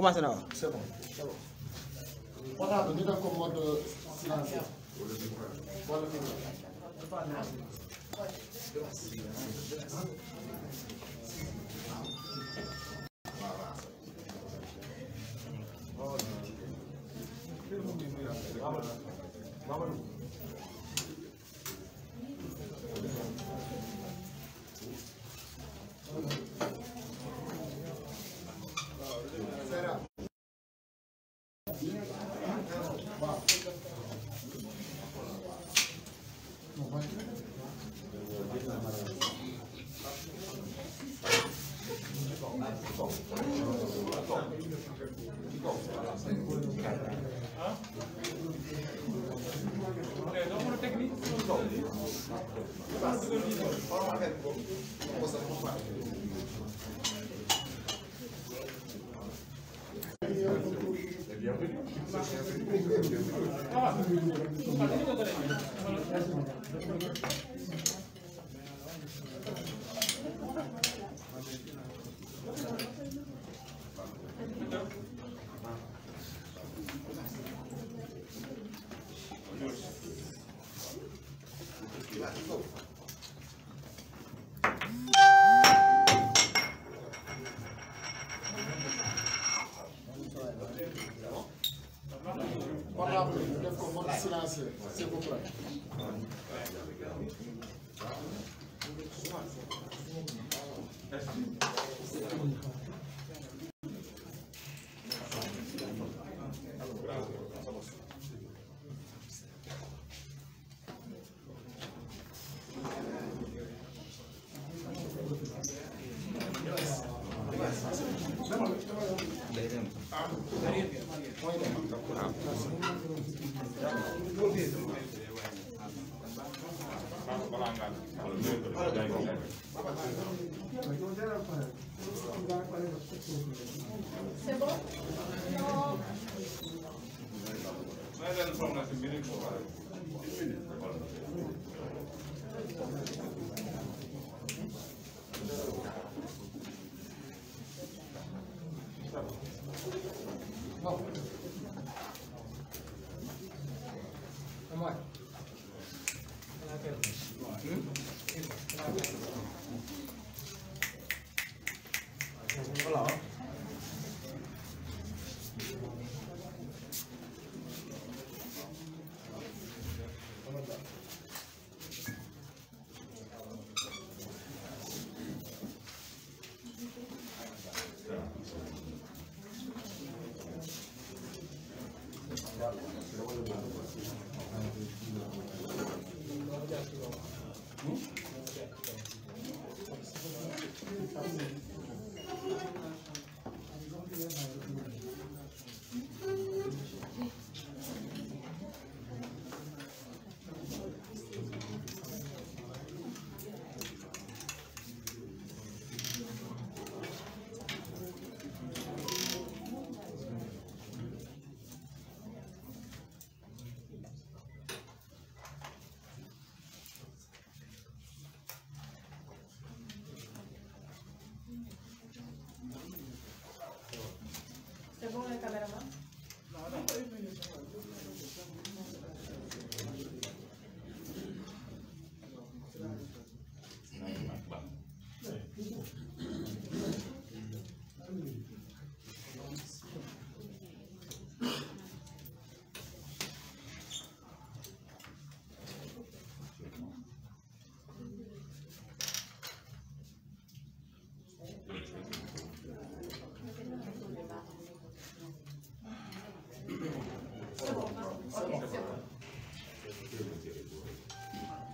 commencé a w a c'est bon c'est bon. Fapal bi ñu def ko mode silence. wala kii information bi rek moo waral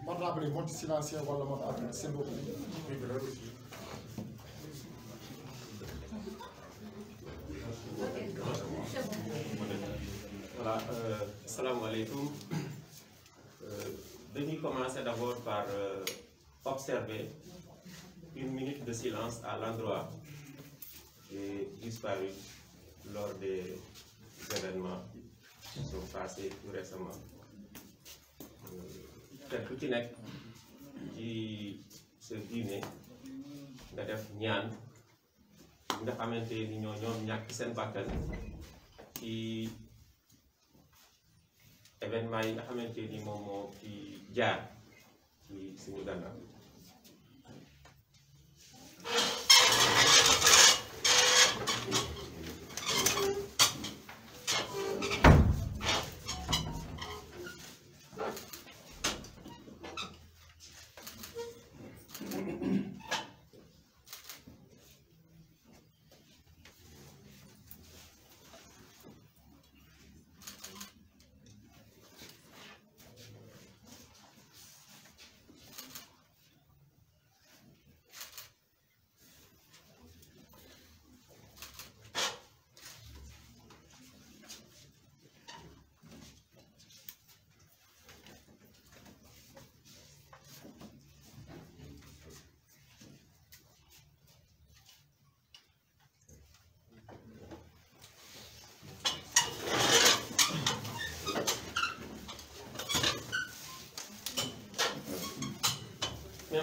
mode rappelé mode silencieux wala mode c'est symbole voilà euh, alaikum. euh, dañuy commencer d'abord par euh, observer une minute de silence à l'endroit et disparu lors des événements qui sont passés tout récemment te ku ci nekk ci sa diine nga def ñaan ñi nga xamante ni ñoo ñoom ñàkk seen bàkkan ci événement yi nga xamante ni moom moo ci jaar ci suñu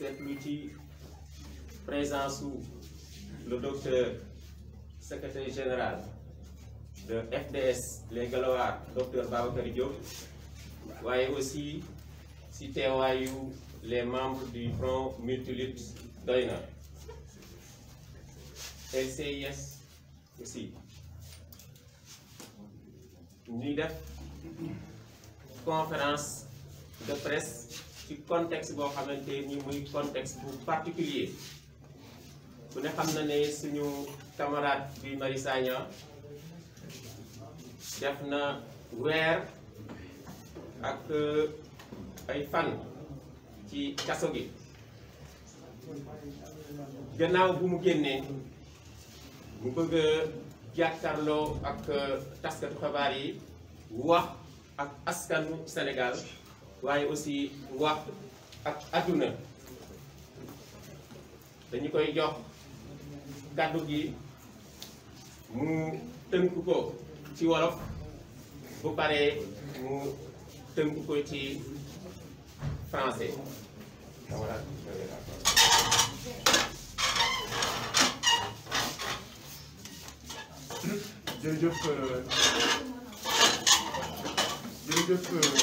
Cette multi présence sous le docteur secrétaire général de FDS les Galois docteur Babacar Diop voyez aussi au teewaayu les membres du front Multilips Doina, LCIS aussi NIDEF, conférence de presse ci contexte boo xamante ni muy contexte bu particulier ku ne xam na ne suñu camarade bi Mari Sagna def na weer ak euh, ay fan ci kaso gi gannaaw bu mu génnee mu bëgg a ak euh, taskatu xabaar yi wax ak askanu Sénégal waaye aussi waxtu ak adduna dañu koy jox kàddu gi mu tënk ko ci wolof bu paree mu tënk ko ci français voilà jërëjëf euh, jërëjëf euh,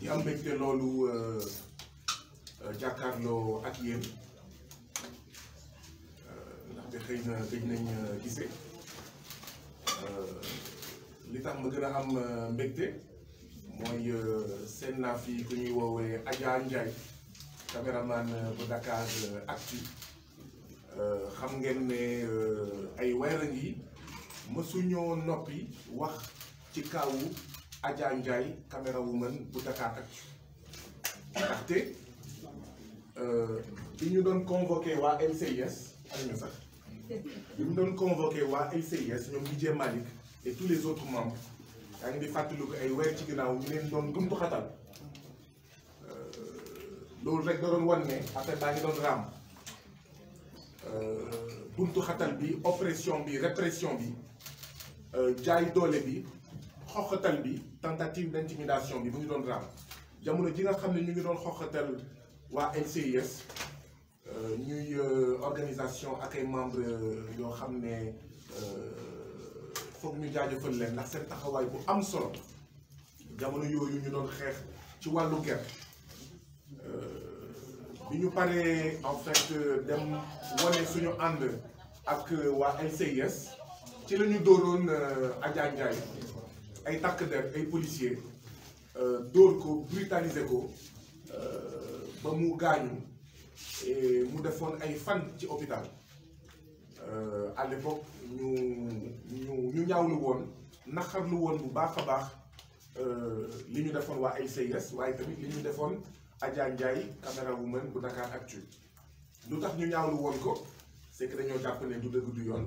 di euh, am mbégte loolu euh, euh, jàkkaarloo ak yéen ndaxte xëy na gëj nañ gisee li tax ma gën a am mbégte mooy seen naa fi ku ñuy woowee Adja Ndiaye caméraman bu Dakar Actu xam ngeen ne ay weer a ngi mësuñoo noppi wax ci kawu Adja Ndiaye caméra woman bu En fait, ndaxte convoqué à LCIS avons dit convoqué à LCIS et tous les autres membres avons ngi di ay ci ñu dit que nous xatal euh, rek da doon euh, bi oppression bi répression bi euh, jaay bi xoxatal bi tentative d'intimidation bi mu ngi doon raam jamono ji nga xam ne ñu ngi doon xoxatal waa NCIS euh, ñuy euh, organisation ak ay membres euh, yoo xam ne foog ñu jaajëfal leen ndax seen taxawaay bu am solo jamono yooyu ñu doon xeex ci wàllu gerte bi ñu paree en fait dem wane suñu ànd ak waa NCIS ci la ñu dóoroon Adja Ndiaye ay takk der ay policier euh, dóor ko brutaliser ko euh, ba mu gaañu mu defoon ay fan ci hôpital euh, à l'époque ñu ñu ñu ñaawlu woon naqarlu woon bu baax a baax li ñu defoon waa ICS waaye tamit li ñu defoon Adja Ndiaye caméra woman bu Dakar Actu lu tax ñu ñaawlu woon ko c'est dañoo jàpp ne du dëgg du yoon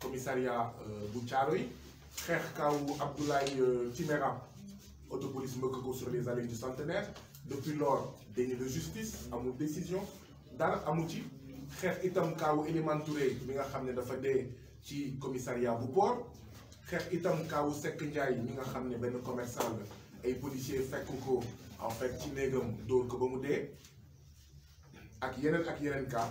commissariat euh, Boucharoui, frère Kaou Abdoulaye Timéra euh, autopolice sur les allées du centenaire depuis lors déni de justice amou décision dara Amouti, frère itam Kaou Elimane Touré mi nga commissariat bu Port itam Kaou Sekendjaï, qui mi nga policiers ne commerçant ay policier fekk en fait ci néegam dóor ko ba mu et ak ak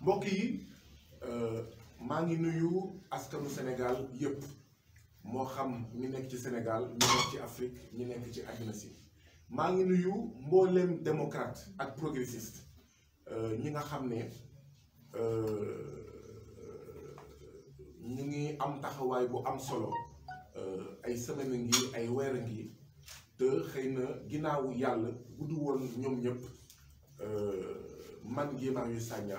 mbokk yi euh, maa ngi nuyu askanu senegal yëpp moo xam ñi nekk ci senegal ñi nekk ci Afrique ñi nekk ci àddina maa ngi nuyu mbooleem démocrate ak progressiste euh, ñi nga xam ne euh, ñu ngi am taxawaay bu am solo ay semaine ngi ay weer ngi te xëy na ginnaaw yàlla gudd woon ñoom ñëpp man Guy Marius Sagna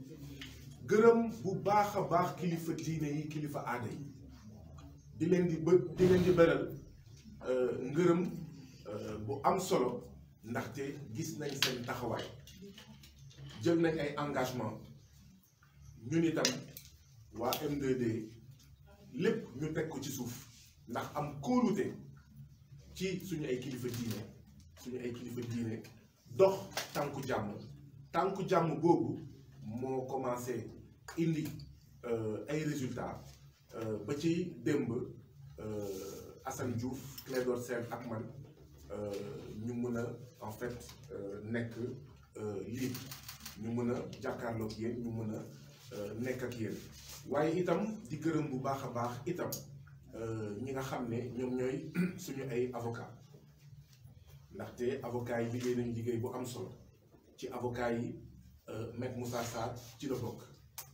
gërëm bu baax a baax kilifa diine yi kilifa aada yi di leen di bë di leen di beral euh, ngërëm euh, bu am solo ndaxte gis nañ seen taxawaay jël nañ ay engagement ñun itam waa M2D lépp ñu teg ko ci suuf ndax am kóolute ci suñu ay kilifa diine suñu ay kilifa diine dox tànku jàmm tànku jàmm boobu moo commencé indi euh, ay résultats euh, ba ci démb euh, Assane Diouf Clédor Sène ak man ñu mën a en fait nekk libre ñu mën a jàkkaarloog yéen ñu mën a nekk ak yéen waaye itam di gërëm bu baax a baax itam ñi nga xam ne ñoom ñooy suñu ay avocat ndaxte avocat yi liggéey nañu liggéey bu am solo ci avocat yi Maître Moussa Sarr ci la bokk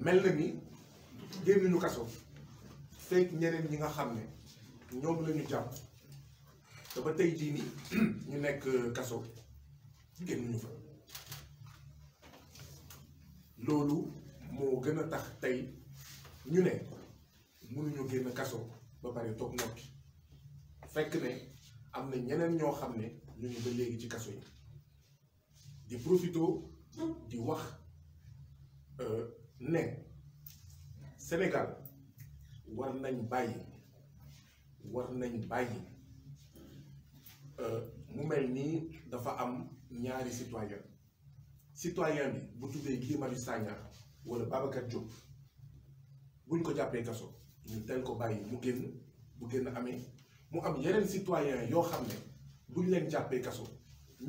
mel na ni génnuñu kaso fekk ñeneen ñi nga xam ne ñoom lañu ñu jàpp te ba tey jii ñu nekk kaso génnuñu fa loolu moo gën a tax tey ñu ne mënuñu génn kaso ba pare toog noppi fekk ne am na ñeneen ñoo xam ne ñu ngi ba léegi ci kaso yi di profito di wax. Euh, ne Sénégal war nañ bàyyi war nañ bàyyi euh, mu mel nii dafa am ñaari citoyen citoyen bi bu tuddee Guy Marius Sagna wala Babacar buñ ko jàppee kaso ñu teel ko bàyyi mu génn bu génn amee mu am yeneen citoyen yoo xam ne buñ leen jàppee kaso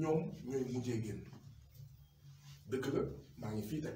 ñoom ñooy mujjee génn dëkk la maa ngi fii tey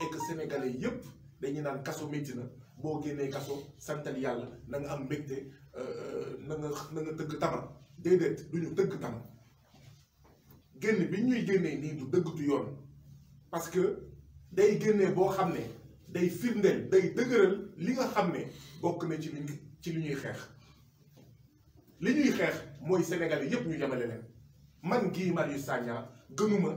et que sénégalais yépp dañuy naan kasso métti na boo génnee de santal na nga am mbégte euh, euh, na nga nga tëgg se déedéet de tëgg se génn bi ñuy génnee du yoon parce que day génnee boo xam ne day firndeel day dëgëral li nga xam ne bokk na ci li ci li ñuy xeex li ñuy sénégalais yépp de yemale leen man Guy Marius Sagna gënuma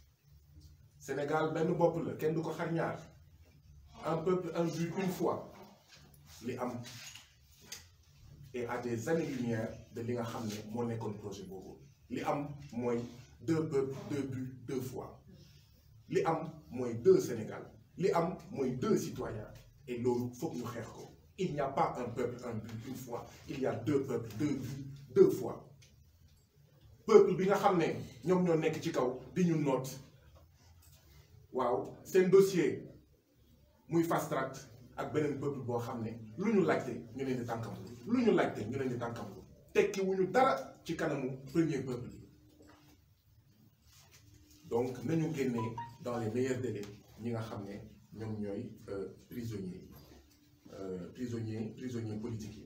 Sénégal benn bopp la kenn xar ñaar un peuple un but une fois Les am et à des années-lumière de li nga xam ne moo projet boobu li am mooy deux peuples deux buts deux fois Les am mooy deux Sénégal Les am mooy deux citoyens et loolu faut ñu xeex ko il n'y a pas un peuple un but une fois il y a deux peuples deux buts deux fois peuple bi nga xam ne ñoom ñoo nekk ci kaw ñu c'est un dossier muy fast track ak benen peuple sait xamné ne ñu leen dara ci premier peuple donc nous sommes dans les meilleurs délais ñi nga xamné euh, prisonniers euh, prisonniers prisonniers politiques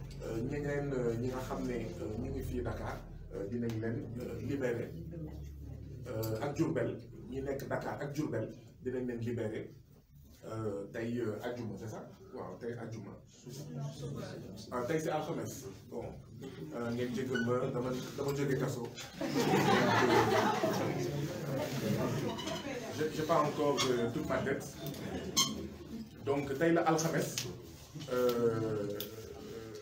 ñeneen ñi nga ngi Dakar dinañ leen euh, libéré euh, ak Diourbel ñi nekk Dakar ak Diourbel dinañ leen libéré euh, tay ajjuma c'est ça waaw tay ajjuma ah tey si alxames bon ngeen jégal ma dama dama kasso je j'ai pas encore toute ma tête donc tay la euh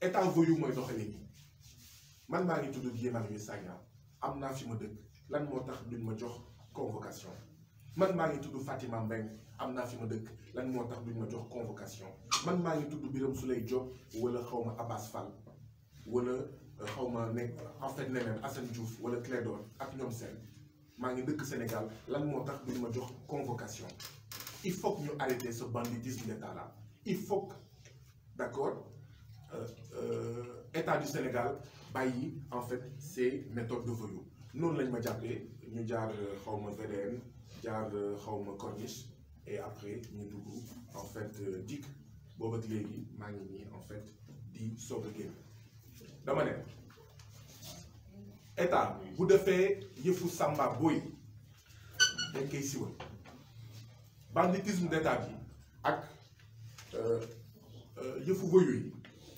Est voyou mooy doxalee nii man maa ngi tudd Guy Marius Sagna am naa fi ma lan duñ ma jox convocation man maa ngi Fatima Mbeng amna naa fi ma dëkk lan moo tax duñ ma jox convocation man maa ngi tudd Birame Souleye Diop wala xaw ma Abbas Fall wala euh, xaw ma ne en fait neneen Assane Diouf wala Clédor ak ñoom seen maa Sénégal lan moo tax duñ ma jox convocation il faut que nous arrêter ce banditisme d'état là il faut que d'accord euh, euh, état du Sénégal bàyyi en fait c'est méthodes de voyou Nous lañ ma jàppee ñu jaar euh, xawma VDN jaar xawma corniche et après nous dugg en fait dik ak en fait di sobe a dama né état bu samba dañ banditisme d'état bi ak voyou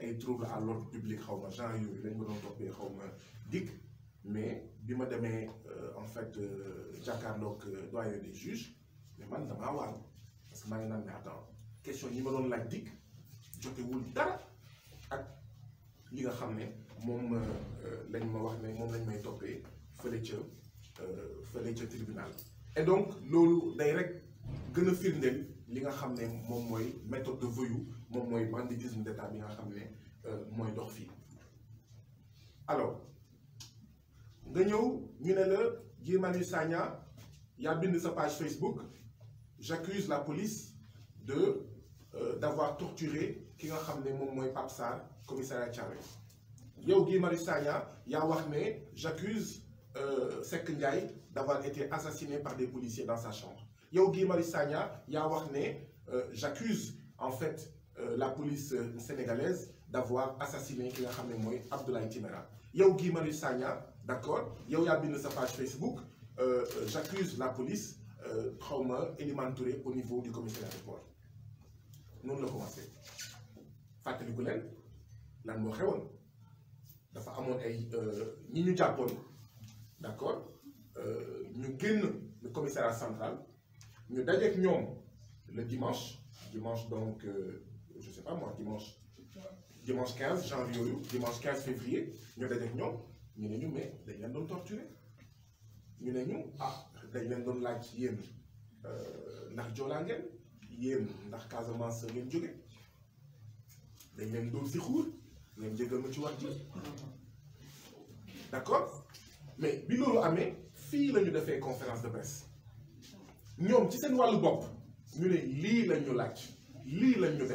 et trouve à l'ordre public xaw de mais bi ma euh, en fait euh, jàkkaarloog euh, doyen des juges mais Madame parce que je question yi ma la laaj dikk jotewul dara ak li nga de ne le lañ ma tribunal et donc nous day rek gën a li nga méthode de voyou mon banditisme d'état bi nga xam ne euh, mooy dox alors nga ñëw ñu ne le Guy Marius Sagna a bind sa page Facebook j'accuse la police de euh, d'avoir torturé ki nga ramené mon moom mooy Pape Sarr commissariat Thiaroye yow Guy Marius y a wax ne j'accuse euh, d'avoir été assassiné par des policiers dans sa chambre yow Guy Marius y a wax euh, j'accuse en fait euh, la police euh, sénégalaise d'avoir assassiné nga xam Abdoulaye Timéra yow Guy marie Sagna d'accord yow Yabine sa page Facebook euh, j'accuse la police trauma Elimane Touré au niveau du commissariat de port Nous la commencé fàttaliku leen lan moo xewoon dafa amoon ay ñi ñu d'accord ñu génn le commissariat central ñu dajeek le dimanche dimanche donc pas moi, dimanche, dimanche 15 janvier, dimanche 15 février, nous avons dit ñu nous ñu mais dañ nous avons torturer ñu nous ñu ah dañ d'accord mais bi loolu amee nous fait fait conférence de presse nous, ci dit que nous ñu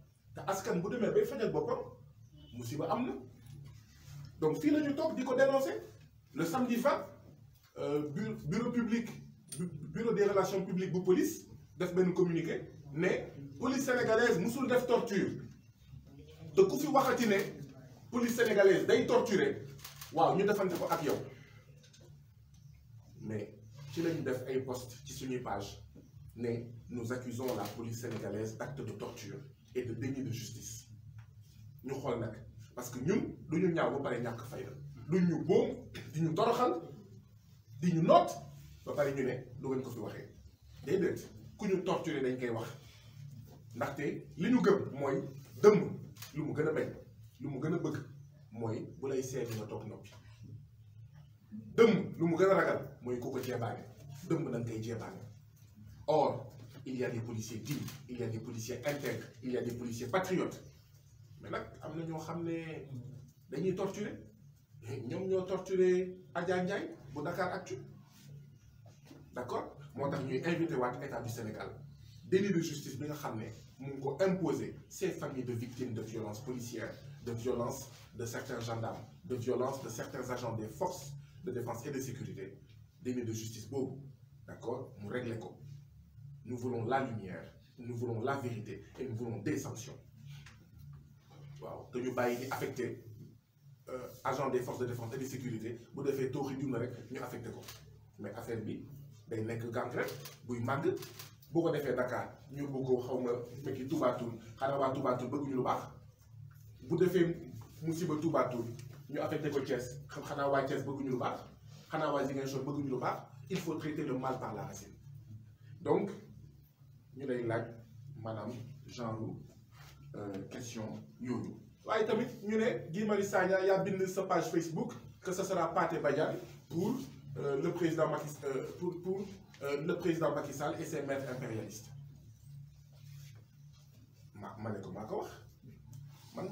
te askan bu demee bay fajal boppam musiba donc si la top, dénoncé, le samedi 20 euh, bureau public bureau des relations publiques la police def communiqué, communiqué la police sénégalaise musul def torture Donc ku fi waxati la police sénégalaise day torturer waaw ñu defante ko ak yow mais ci lañu def un poste ci une page nous accusons la police sénégalaise d'actes de torture et de déni de justice nous que parce que nous avons ñu ñaaw pas nous, nous boom nous nous toroxal nous nous ba ñu ne nous ko nous waxee déedéet que nous torturer Nous koy wax ndaxte les nous gëm nous dëmm nous nous gën a nous nous bug, moi, bëgg ici, bu nous seetlu nga nous nous ragal de or il y a des policiers dignes il y a des policiers intègres il y a des policiers patriotes mais là, nous avons ñoo xam dañuy torturer sont ñoo torturer Adja Dakar Actu d'accord Moi, j'ai ñuy invité l'État du Sénégal délit de justice bi nga imposé ces familles de victimes de violences policières de violences de certains gendarmes de violences de certains agents des forces de défense et de sécurité délit de justice beau, d'accord mu réglé ko nous voulons la lumière, nous voulons la vérité et nous voulons des sanctions. waaw te ñu bàyyi di euh, agent des forces de défense et de sécurité Vous devez tout réduire na rek ñu affecté ko mais affaire bi day nekk gangrène buy màgg bu ko defee Dakar ñu bëgg ko xaw ma tout Touba Toul xanaa waa Touba Toul bëgguñu lu baax bu defee musiba Touba Toul ñu affecter ko Thiès xam xanaa waa beaucoup bëgguñu lu baax xanaa waa Ziguinchor bëgguñu lu baax il faut traiter le mal par la racine donc ñu lay laaj jean genre euh, question Yoyo. Oui, tamit ñu ne Guy Marius Sagna yaa bind page Facebook que ce sera Pate Badiane pour euh, le président Macky euh, pour pour le président Macky et ses maîtres impérialistes Je ne ko maa wax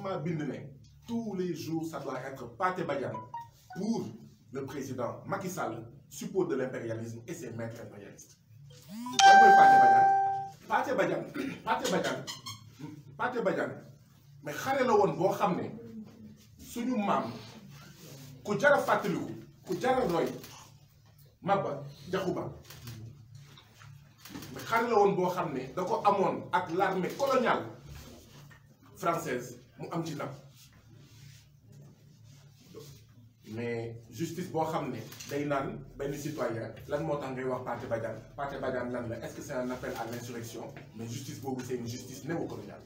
man bind tous les jours ça doit être Pate Badiane pour le président Macky Sall support de l'impérialisme et ses maîtres impérialistes. lan pas Pate Badiane Pathé Badiane Pathé Badiane Pathé Badiane mais xare la woon boo xam ne suñu maam ku jar a fàttaliku ku jar a roy Maba Jaxu mais xare la woon boo xam ne da ko amoon ak l'armée coloniale française mu am ci ndam mais justice bo xamné day nan benn citoyen lan moo tax ngay wax parti Badiane parti Badiane lan la est-ce que c'est un appel à l'insurrection mais justice boobu c'est une justice néocoloniale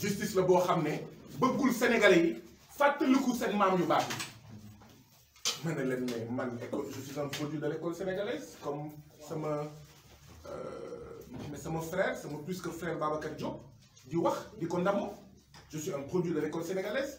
justice la bo xamné beugul sénégalais yi fàttaliku seen mam yu baax yi ma né man je suis un produit de l'école sénégalaise comme sama euh, mais sama frère sama plus que frère Babacar Diop di wax di ko je suis un produit de l'école sénégalaise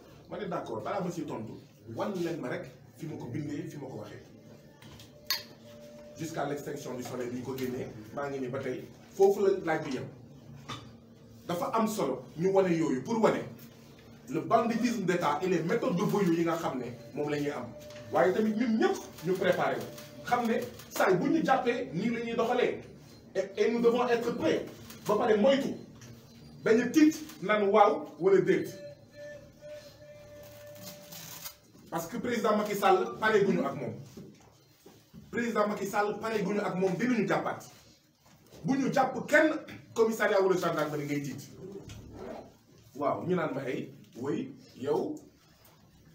ma ne d' accord balaa ma si tontu wan leen ma rek fi ma ko bindee fi ma ko waxee jusqu'à l'extinction du soleil bi ñu ko génnee maa ngi ni ba tey foofu la laaj bi yem dafa am solo ñu wane yooyu pour wane le banditisme d'État et les méthodes de voyou yi nga xam ne moom am waaye tamit ñun ñëpp ñu préparé wu xam ne saay ni ñu jàppee et nous devons être prêts ba pare moytu dañu tiit naan waaw wala déet parce que président Macky Sall pare guñu ak Le président Macky Sall pare guñu ak moom dina ñu nous bu ñu kenn commissariat wala gendarmerie ngay tiit waaw ñu Oui, ma ay yow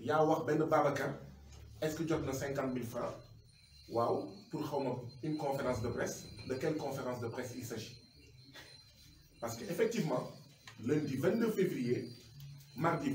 yaa wax benn baraka. est-ce que tu as 50 000 francs Waouh. pour une conférence de presse de quelle conférence de presse il s'agit parce qu'effectivement, lundi 22 février mardi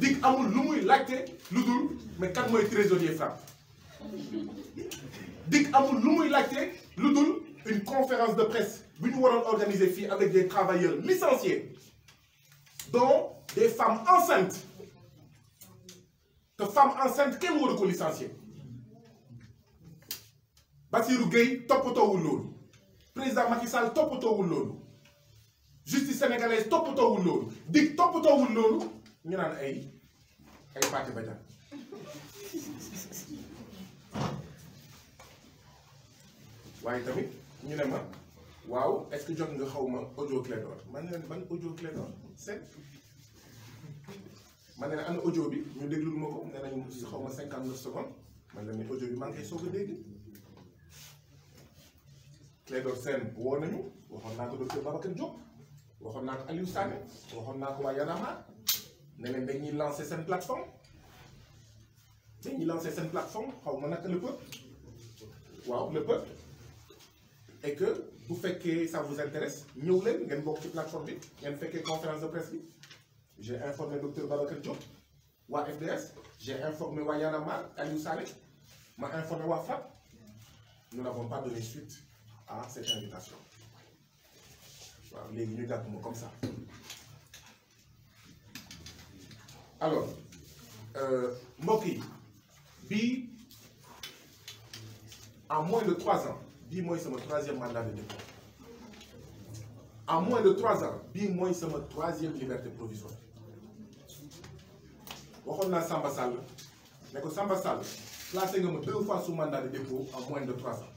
Dic amul lu muy laajte mais kan moy trésorier franc Dic amul lu muy laajte une conférence de presse bu ñu organiser fi avec des travailleurs licenciés dont des femmes enceintes Des femmes enceintes, kenn waru ko licencier Bassirou Gueye ou lolu président Macky Sall ou lolu justice sénégalaise toppatoowul loolu topoto ou lolu ñu naan ay ay Fatou Badiane waaye tamit ñu ne ma waaw est-ce que jot nga xaw ma audio clé d'or man ne leen ban audio clé d'or seet man ne leen ana bi ñu déglul ma ko nee nañ xaw ma cinquante neuf secondes man la mais audio bi maa ngi koy soog dégg clé d'or seen woo nañu waxoon naa ko docteur Babacar Diop waxoon naa ko Aliou Sané waxoon naa ko waa Yanamar ne leen dañuy lancer cette plateforme dañuy lancer cette plateforme xaw ma le peuple waaw le peuple et que bu que ça vous intéresse ñew leen ngeen bok ci plateforme bi ngeen conférence de presse bi j'ai informé docteur Babacar Diop wa FDS j'ai informé waa Y'en Aliou ma informé wa nous n'avons pas donné suite à cette invitation waaw léegi ñu jàpp comme ça alors euh, mbokk en moins de trois ans c'est mon mon troisième mandat de dépôt en moins de trois ans c'est ma mon troisième liberté provisoire waxoon naa Samba Sall ne ko Samba Sall placé deux fois sous mandat de dépôt en moins de trois ans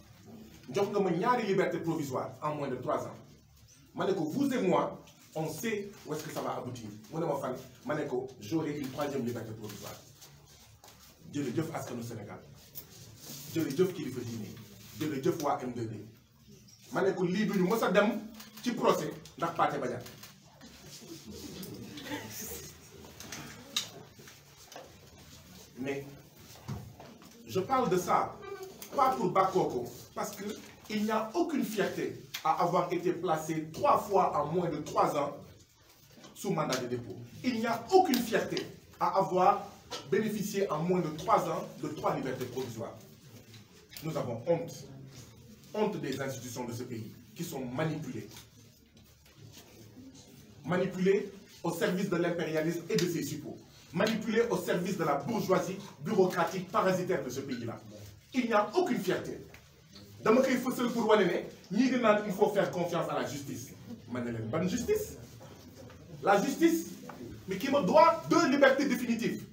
jox nga une ñaari liberté provisoire en moins de trois ans ma que vous et moi on sait où est-ce que ça va aboutir Je vais Manéko, j'aurai une troisième liberté provisoire askanu Sénégal le kilifa Dieu M2D procès mais je parle de ça pas pour Bakoko parce que il n'y a aucune fierté à avoir été placé trois fois en moins de trois ans sous mandat de dépôt. Il n'y a aucune fierté à avoir bénéficié en moins de trois ans de trois libertés provisoires. Nous avons honte, honte des institutions de ce pays qui sont manipulées. Manipulées au service de l'impérialisme et de ses suppôts. Manipulées au service de la bourgeoisie bureaucratique parasitaire de ce pays-là. Il n'y a aucune fierté pour il faut faire confiance à la justice ma justice la justice mais qui me doit deux libertés définitives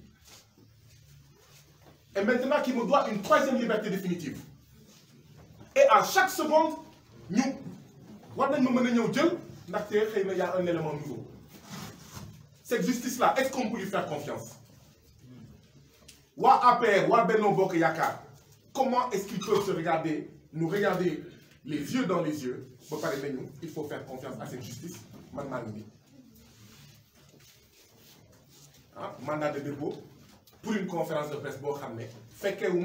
et maintenant qui me doit une troisième liberté définitive et à chaque seconde nous nous devons un élément nouveau cette justice là est-ce qu'on peut lui faire confiance comment est-ce qu'il peut se regarder nous regarder les yeux dans les yeux, il faut faire confiance à cette justice. Hein? Mandat de dépôt pour une conférence de presse, fait que vous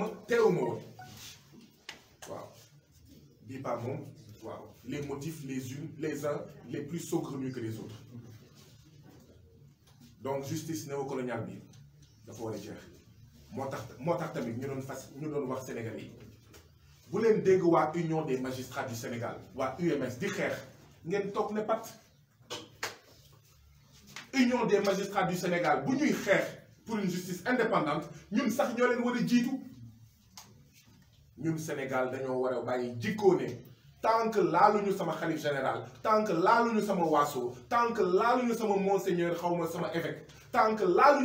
Wow. les motifs les unes, les uns les plus saugrenus que les autres. Donc justice néocoloniale il faut le dire. Moi, je suis moo tamit Sénégalais vous voulez dégg l'Union des magistrats du Sénégal UMS di ne union des magistrats du Sénégal pour une justice indépendante ñun sax pas faire. Nous sommes Sénégal nous tant que nous sommes général tant que sommes sama Wasso, tant que nous sama monseigneur xawma sama évêque tant que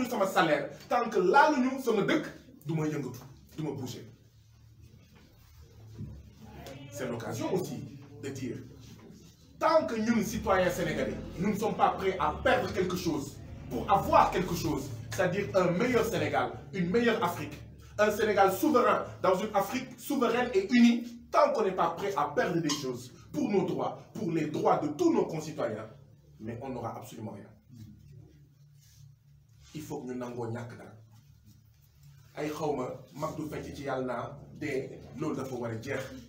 sama salaire tant que laaluñu sama sommes de yëngatu sommes bouger c'est l'occasion aussi de dire, tant que nous, citoyens sénégalais, nous ne sommes pas prêts à perdre quelque chose pour avoir quelque chose, c'est-à-dire un meilleur Sénégal, une meilleure Afrique, un Sénégal souverain dans une Afrique souveraine et unie, tant qu'on n'est pas prêt à perdre des choses pour nos droits, pour les droits de tous nos concitoyens, mais on n'aura absolument rien. Il faut que nous n'en ay xawma du ci Je suis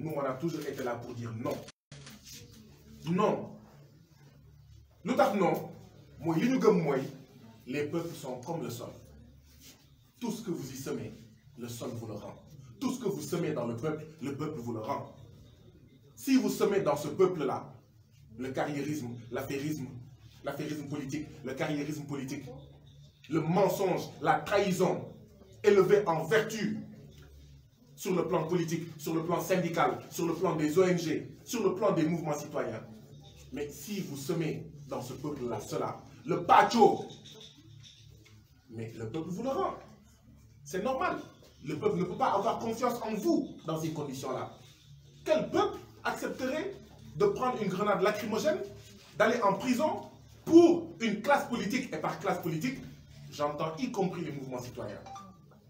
Nous, on a toujours été là pour dire non. Non. Nous dit non. Moi, les peuples sont comme le sol. Tout ce que vous y semez, le sol vous le rend. Tout ce que vous semez dans le peuple, le peuple vous le rend. Si vous semez dans ce peuple-là, le carriérisme, l'affairisme, l'affairisme politique, le carriérisme politique, le mensonge, la trahison, élevé en vertu sur le plan politique, sur le plan syndical, sur le plan des ONG, sur le plan des mouvements citoyens. Mais si vous semez dans ce peuple-là cela, le pacho, mais le peuple vous le rend. C'est normal. Le peuple ne peut pas avoir confiance en vous dans ces conditions-là. Quel peuple accepterait de prendre une grenade lacrymogène, d'aller en prison pour une classe politique Et par classe politique, j'entends y compris les mouvements citoyens,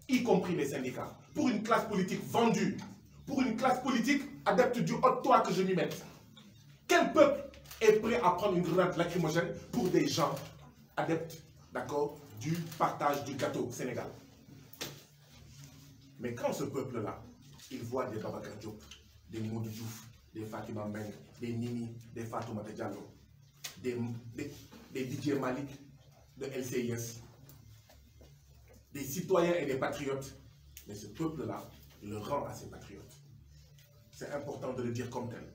y compris les syndicats pour une classe politique vendue, pour une classe politique adepte du haut toi que je m'y mette. Quel peuple est prêt à prendre une grenade lacrymogène pour des gens adeptes, d'accord, du partage du gâteau au Sénégal Mais quand ce peuple-là, il voit des Babacar des Moudjouf, des Fatima Meng, des Nini, des Fatouma Diallo, des, des, des Didier Malik de LCIS, des citoyens et des patriotes mais ce peuple-là le rend à ses patriotes. C'est important de le dire comme tel.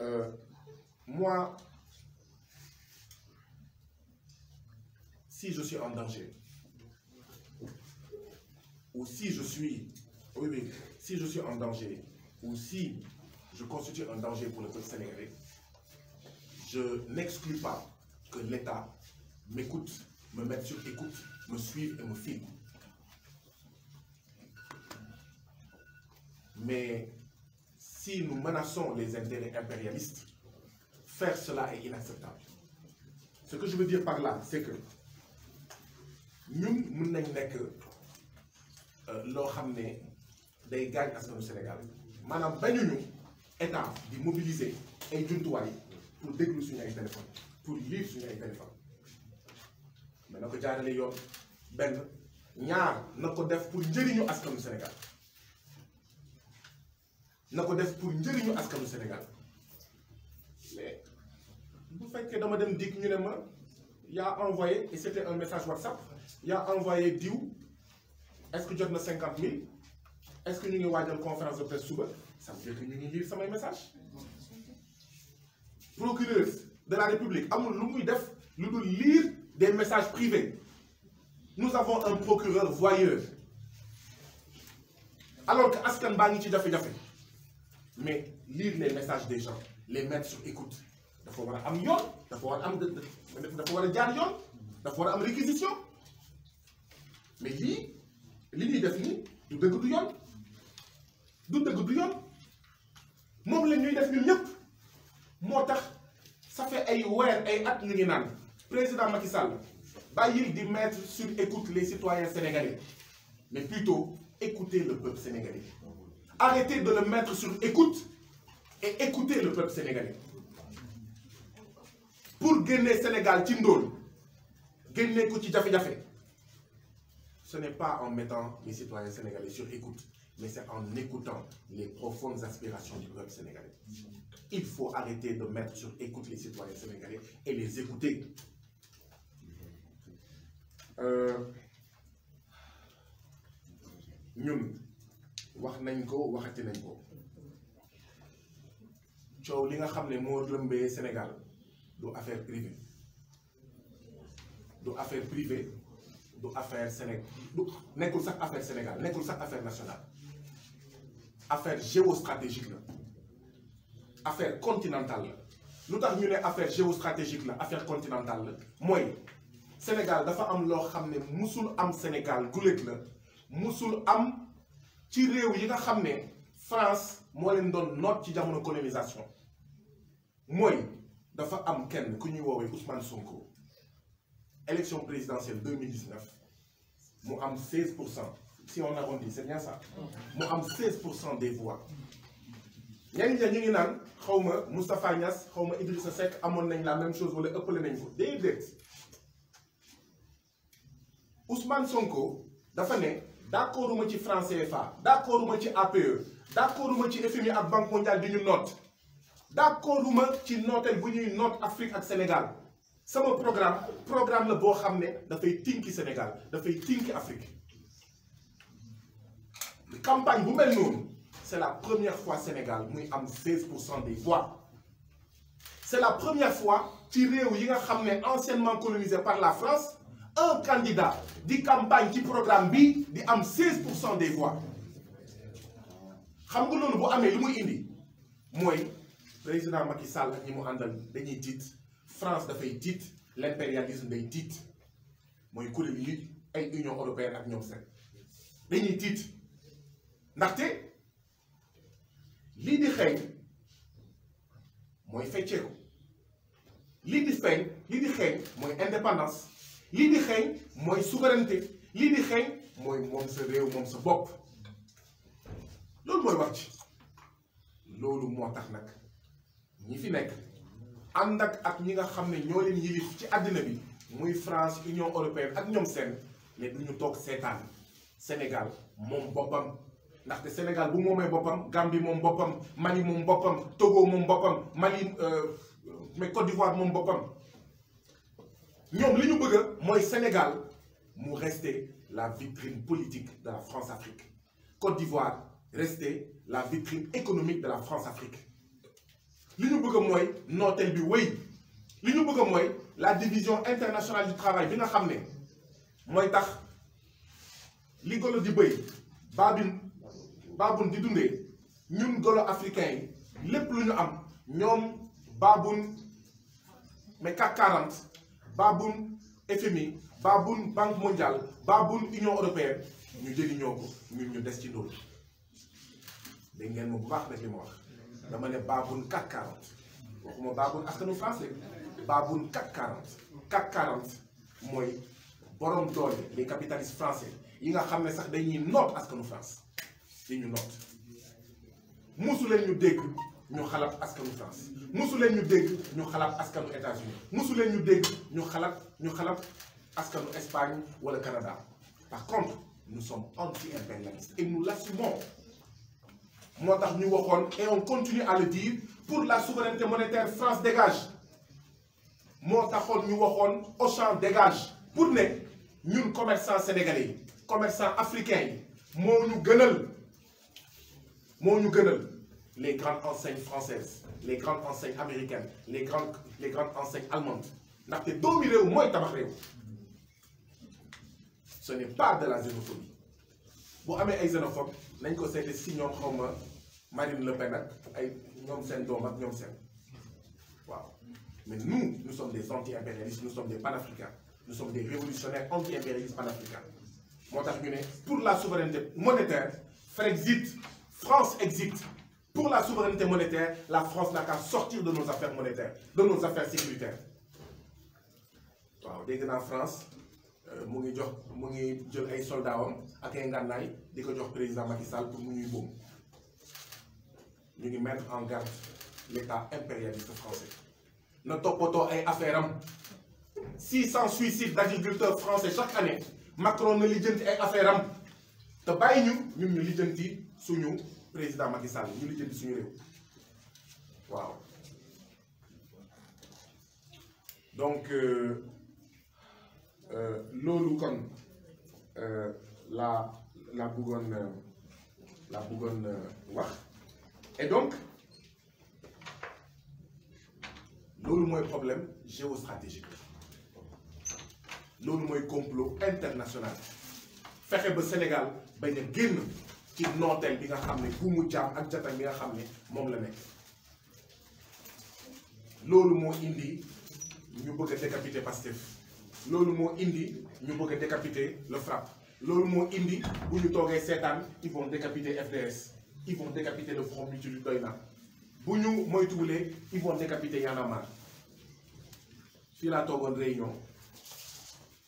Euh, moi, si je suis en danger, ou si je suis, oui, oui, si je suis en danger, ou si je constitue un danger pour le peuple sénégalais, je n'exclus pas que l'État m'écoute, me mette sur écoute, me suive et me filme. Mais si nous menaçons les intérêts impérialistes, faire cela est inacceptable. Ce que je veux dire par là, c'est que nous mën que nekk euh, loo des ne Sénégal nous bañuñu état et mobiliser ay pour déclencher les téléphones, téléphone pour lire les téléphones. téléphone mais nous avons jaarale yoon benn ñaar na pour def pour njëriñu au Sénégal avons pour def pour njëriñu au Sénégal mais bu faites dama dem le ñu il ma a envoyé et c'était un message WhatsApp Il a envoyé d'où, est-ce que jot na 50 000 est-ce que nous avons une conférence de presse suba ça veut dire que nous avons lire message procureur de la République amul lu def lu lire des messages privés nous avons un procureur voyeur alors que askan baa ngi ci mais lire les messages des gens les mettre sur écoute il faut avoir am yoon il faut avoir am il faut avoir une réquisition mais lui, li Il def Tout du dëgg du est du Même du yoon moom la ñuy ça fait un weer ay président Macky Sall il di mettre sur écoute les citoyens sénégalais mais plutôt écouter le peuple sénégalais. Arrêtez de le mettre sur écoute et écoutez le peuple sénégalais. Pour gagner Sénégal, Tindol, gagner Kouti Jafé ce n'est pas en mettant les citoyens sénégalais sur écoute, mais c'est en écoutant les profondes aspirations du peuple sénégalais. Il faut arrêter de mettre sur écoute les citoyens sénégalais et les écouter. Euh, wax avons ko waxati ko li Sénégal une affaire privée Une affaire privée Une affaire Sénégal affaire Sénégal affaire nationale affaire géostratégique affaire continentale Nous affaire géostratégique affaire continentale Sénégal dafa am Sénégal nous la ci réew yi nga xamné France mo leen doon note ci jamono colonisation moy dafa am kenn ku ñuy woowee Ousmane Sonko élection présidentielle 2019 mo am 16 si on arrondit c'est bien ça mo mm. am 16 des voix ñenn ñi ñu ngi nan xawma Mustapha Moustapha Niass xawma Idrissa Seck nañ la même chose wala ëppale nañ ko déedéet Ousmane Sonko dafa né D'accord, accord ma ci franc CFA D'accord, accord ma ci APE D'accord, accord ma ci FMI ak banque mondiale di ñu noot d' accord ma ci note bu ñuy noot Afrique ak Sénégal mon programme programme le boo xam ne dafay tinki Sénégal faire tinki Afrique campagne vous mel noonu c'est la première fois Sénégal Nous avons 16 des voix C'est la première fois tiré réew yi nga un anciennement colonisé par la France un candidat di campagne ci programme bi di am 16 des voix xam nga loolu bu amé li indi moy président Macky Sall ñi mu andal dañuy tiit France dafay tiit l'impérialisme day dit moy kuréel yi ay Union européenne ak ñom seen dañuy L'idée ndaxte li di moy mooy L'idée li di feeñ li di xey moy indépendance li di xey moy souveraineté li di xey qui mom sa rew mom sa bopp loolu moy wax ci loolu qui ñi fi nek andak ak ñi France Union européenne ak mais nous ñu toog sénégal Sénégal bopam ndax Sénégal bu mon bopam Gambie mom Mali mon bopam Togo mon bopam Mali mais euh, Côte d'Ivoire mom nous li au Sénégal nous rester la vitrine politique de la France-Afrique Côte d'Ivoire rester la vitrine économique de la France-Afrique nous bëgg que la division internationale du travail Nous nga xam ne tax di africain mais 40 baabun FMI baabun banque mondiale baabun union européenne ñu jëriñoo ko ñun ñu des ci loolu dégg ngeen moom bu baax nag li ma wax dama ne baabun 440 waxuma baabun askanu français baabun 440 440 mooy borom doole les capitalistes français yi nga xam ne sax dañuy noot askanu France yi ñu noot musu leen ñu dégg. ñu xalaat askanu France musu leen ñu dégg ñu xalaat askanu États-Unis musu leen ñu dégg ñu xalaat ñu xalaat askanu Espagne wala Canada par contre nous sommes anti-impérialistes et nous l'assumons moo tax ñu et on continue à le dire pour la souveraineté monétaire France dégage moo taxoon ñu au Auchan dégage pour nous, ñun commerçants sénégalais commerçants africains, africain yi moo ñu gënal moo ñu les grandes enseignes françaises les grandes enseignes américaines les grandes les grandes enseignes allemandes ce n'est pas de la xénophobie Vous ko des si comme Marine Le Pen ay mais nous nous sommes des anti-impérialistes nous sommes des panafricains nous sommes des révolutionnaires anti-impérialistes panafricains pour la souveraineté monétaire Frexit France exit pour la souveraineté monétaire, la France n'a qu'à sortir de nos affaires monétaires, de nos affaires sécuritaires. Dès que nous France en France, nous avons des soldats dès ak ay pris di président Macky pour nous nous mettre en garde l'état impérialiste français Notre poteau est affaire 600 suicides d'agriculteurs français chaque année Macron est ay affaire nous, te nous, ñu nous, ñu président Macky Sall ñu du jënd suñu waaw donc euh, euh, loolu kon euh, la la bëggoon la bourgogne wax et donc lolu moy problème géostratégique lolu moy complot international fexé ba Sénégal bañ a génn ci nooteel bi nga bu mu ak bi nga la indi ñu bëgg décapiter Pastef loolu moo indi ñu bëgg décapiter le frappe. loolu moo indi bu ñu toogee seetaan ils vont décapiter FDS ils vont décapiter le Front ci lu doy ils vont décapiter YANAMAR fii réunion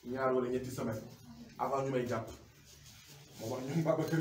ñaar wala ñetti semaine avant ñu may jàpp moo wax Babacar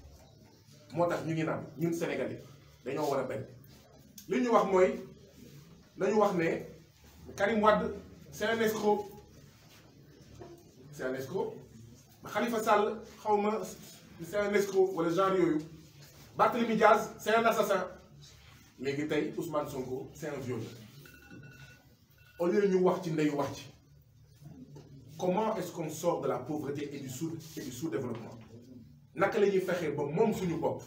moo tax ñu ngi naan ñun sénégalais dañoo war a de li ñu wax mooy dañu wax ne Karim Wade c'est un escroc c'est un escroc Khalifa Sall xaw ma c'est un escroc wala genre yooyu Barthélemy Diaz c'est un assassin Mais tey Ousmane Sonko c'est un violeur au lieu ñu wax ci ndeyu wax ci comment est-ce qu'on sort de la pauvreté et du sous-développement naka lañuy fexé ba mom suñu bop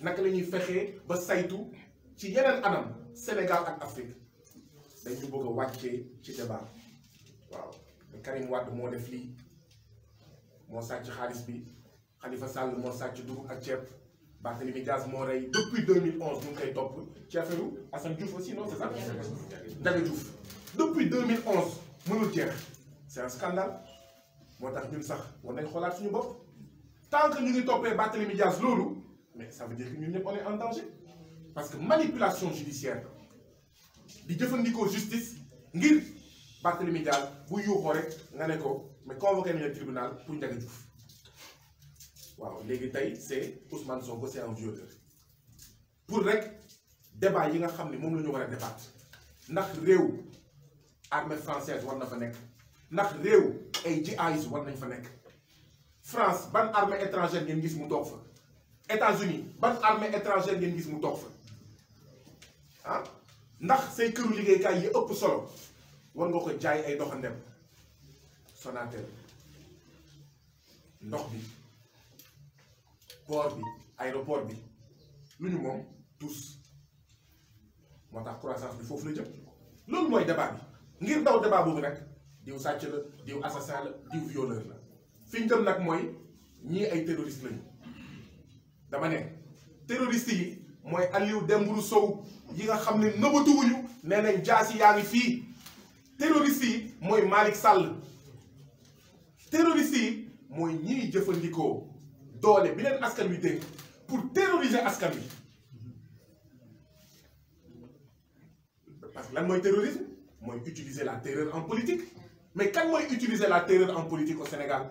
naka lañuy fexé ba saytu ci yenen anam Sénégal ak Afrique dañu bëgg a ci débat waaw Karim wad mo def li mo sàcc xaliss bi Khalifa Sall mo sàcc dugub ak ciép Barthélemy Diaz mo rey depuis 2011 ñu ngi koy topp ci affaireu Assane Diouf aussi non c'est ça Ndiaga Diouf depuis 2011 mënul jeex c'est un scandale motax ñun sax war nañ xoolaat suñu bop tant que ñu ngi toppee les médias, loolu mais ça veut dire que ñun ñëpp on est en danger parce que manipulation judiciaire di jëfandikoo justice ngir battre les bu vous rek nga ne ko mais convoquer le tribunal pour une Diouf waaw léegi tey c'est Ousmane Sonko c'est un violeur pour rek débat yi nga xam ne moom la débat. war a débattre ndax réew armée française war na fa nekk ndax réew ay GIs war nañ fa nekk. France ban armée étrangère ngeen gis mu toog fa États-Unis ban armée étrangère ngeen gis mu toog fa ah ndax say këru liggéeykaay yi ëpp solo war nga ko jaay ay doxandem Sonatel ndox bi port bi aéroport bi lu ñu moom tous moo tax croissance bi foofu la jëm loolu mooy débat bi ngir daw débat boobu nag diw sàcc la diw assassin la diw violeur la fi nak moy nag ay Aliou Sow yi nga xamné terroristes, né nañ Les yaangi sont terroriste Sall bi pour terroriser askan parce que lan moy terrorisme moy utiliser la terreur en politique mais kan moy utiliser la terreur en politique au Sénégal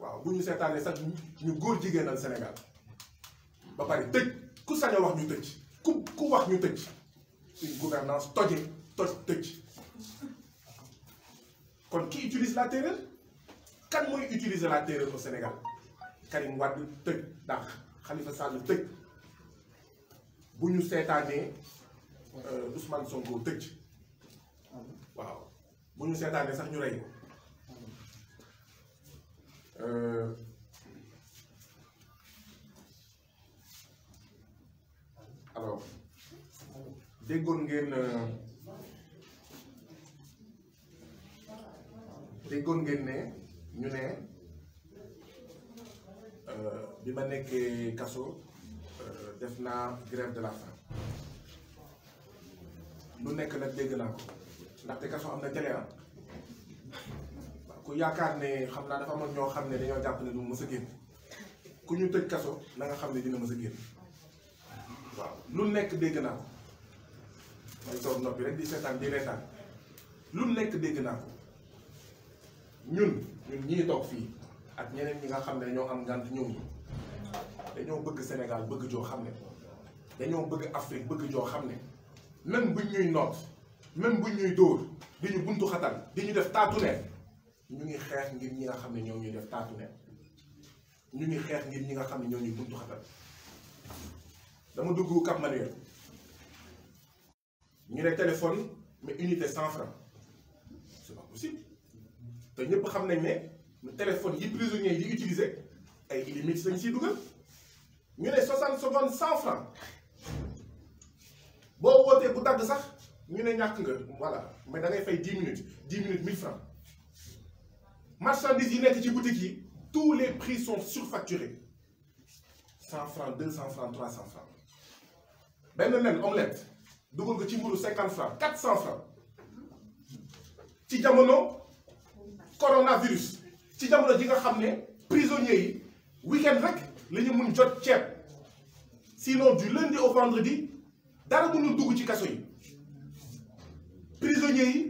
waaw bu nous sax ñu Sénégal ba Sénégal. ku sañ wax ñu ku une gouvernance toje toj qui utilise la terre Quand on utilise la terre au Sénégal Karim Wad, on dans Khalifa Sall tëj on ñu cette euh, Ousmane Sonko waaw sax ñu le Euh, alors déggoon ngeen euh, déggoon ngeen ne ñu ne euh, bi ma nekkee kaso def naa grève de la faim lu nekk nag dégg naa ko ndaxte kaso am na télé ah. ku yaakaar ne xam naa dafa amoon ñoo xam ne dañoo jàpp ne du mës a génn ku ñu tëj kaso na nga xam ne dina mës a génn waaw lu nekk dégg naa ko may toog noppi rek di seetaan di reetaan lu nekk dégg naa ko ñun ñun ñii toog fii ak ñeneen ñi nga xam ne dañoo am ngant ñëw ñi dañoo bëgg Sénégal bëgg joo xam ne dañoo bëgg Afrique bëgg joo xam ne même buñ ñuy noot même buñ ñuy dóor di ñu buntu xatal di ñu def taatu neen Nous ngi tous ngir nous sommes ne ñoo def Nous ñu ngi ngir sommes ñoo buntu téléphone mais unité 100 franc c'est pas possible Nous ne téléphone prisonniers utiliser ay il ñu secondes 100 francs. Si vous avez de sax ñu ne nga voilà mais da fait 10 minutes 10 minutes 1000 francs marchandises inertes qui boutique, tous les prix sont surfacturés. 100 francs, 200 francs, 300 francs. Ben même omelette, l'aide. de 50 francs, 400 francs. Tidjamono, coronavirus. Tidjamono, dit que prisonnier, week-end, les gens ont fait Sinon, du lundi au vendredi, dans le monde, nous avons fait Prisonnier,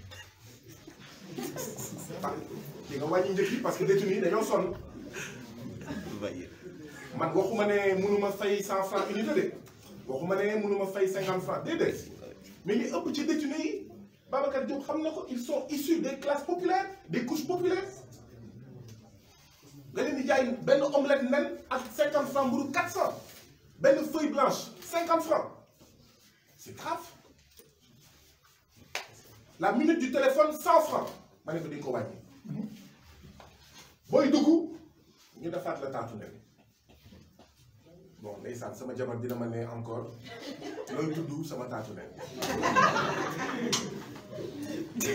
Je suis de parce que il y a un son. Je ne sais pas si je peux faire 100 francs une idée. Je ne sais pas si je peux 50 francs. Dédé. Mais les gens qui détenu, Babacar Diop, ils sont issus des classes populaires, des couches populaires. Vous avez dit une omelette même à 50 francs, 400. Une feuille blanche, 50 francs. C'est grave la minute du téléphone cent francs ma ko di ko wàññi boy dugg ñu defaat la taatu ne bon ndeysaan sama jabar dina ma ne encore loy tudd sama taatu nen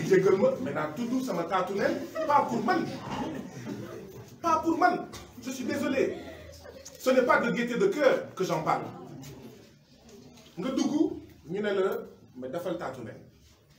jéggal ma maintenant tudd sama taatu nen pas pour man pas pour man je suis désolé ce n'est pas de gaieté de cœur que j'en parle nga dugg ñu né la mais dafal taatu nen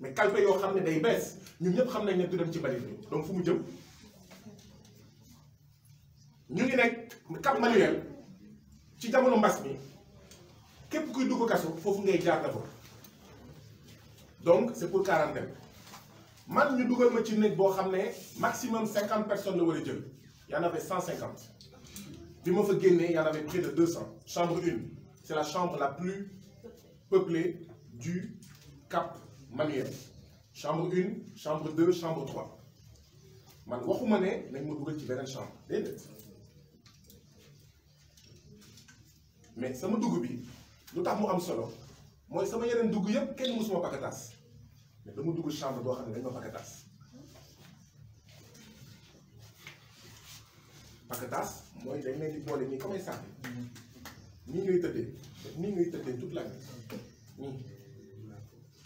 mais Calpe, yo xamné day bess ñun ñëpp xam du dem ci donc fu jëm ñu ngi le Cap Manuel ci jamono mbass mi képp kuy dugg kasso fofu ngay jaar donc c'est pour quarantaine man ñu manuel. ma ci maximum 50 personnes la le Il y en avait 150. y en avait près de 200. chambre 1, c'est la chambre la plus peuplée du Cap Manière. chambre 1, chambre 2, chambre Je ne sais pas si je dugal ci une chambre mais sama dugg bi lu tax am solo sama yeneen dugg yëpp kenn chambre. mais dama dugg chambre xam chambre dañ dañ une di comme ça. ni toute la nuit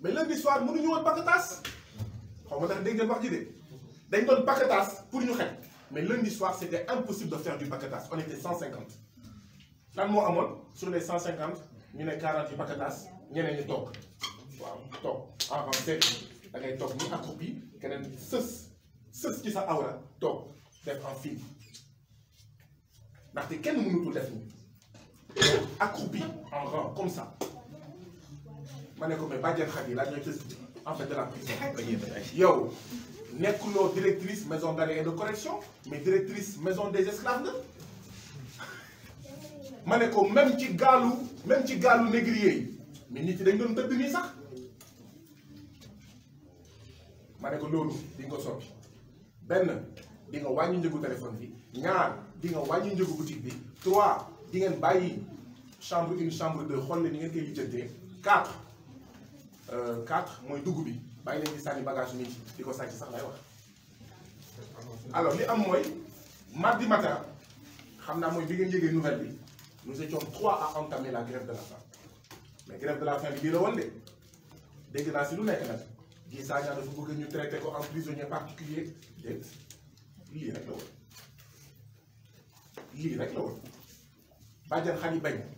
mais lundi soir mënuñu woon paquetage xaw ma tax dégg ngeen wax ji dé dañ doon paquetage pour ñu xet mais lundi soir c'était impossible de faire du paquetage on était 150 lan mo amoon sur les 150 ñu ne 40 yu ñeneen ñi tok waaw toog avancé da ngay toog ñu accroupi keneen sës sës ci sa awra tok def en file ndaxte kenn mënutul def nii accroupi en rang comme ça. Je ko mais khadi la en fait de la directrice maison d'arrêt et de correction mais directrice maison des esclaves la même ci galou même ci galou négrier mais sax ko di nga soppi di nga téléphone boutique trois di ngeen chambre une chambre de xol ni ngeen quatre 4 moy dugg bi bàyyi ci sani bagage nit yi di ko sax lay wax alors li am moy mardi matin xamna moy bi ngeen yëgee nouvelle bi nous étions 3 à entamer la grève de la faim mais grève de la faim bi bii la woon de dégg na ci lu nekk nak di Sagna dafa bëgg ñu traité ko en prisonnier particulier déet li rek la woon lii rek la woon bàjjan xani bañ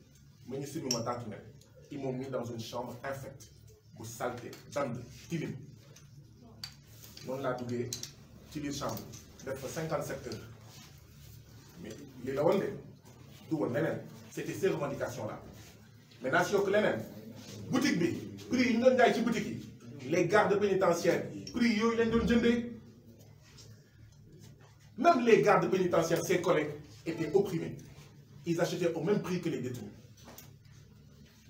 ministre ils m'ont mis dans une chambre infecte Pour saleté dand tilim Ils là, tu dans une chambre d'être 50 secteurs. heures mais les m'ont mis où une chambre c'était ces revendications là Mais si vous leneen boutique B, prix boutique les gardes pénitentiaires prix yooyu lañ même les gardes pénitentiaires ses collègues étaient opprimés ils achetaient au même prix que les détenus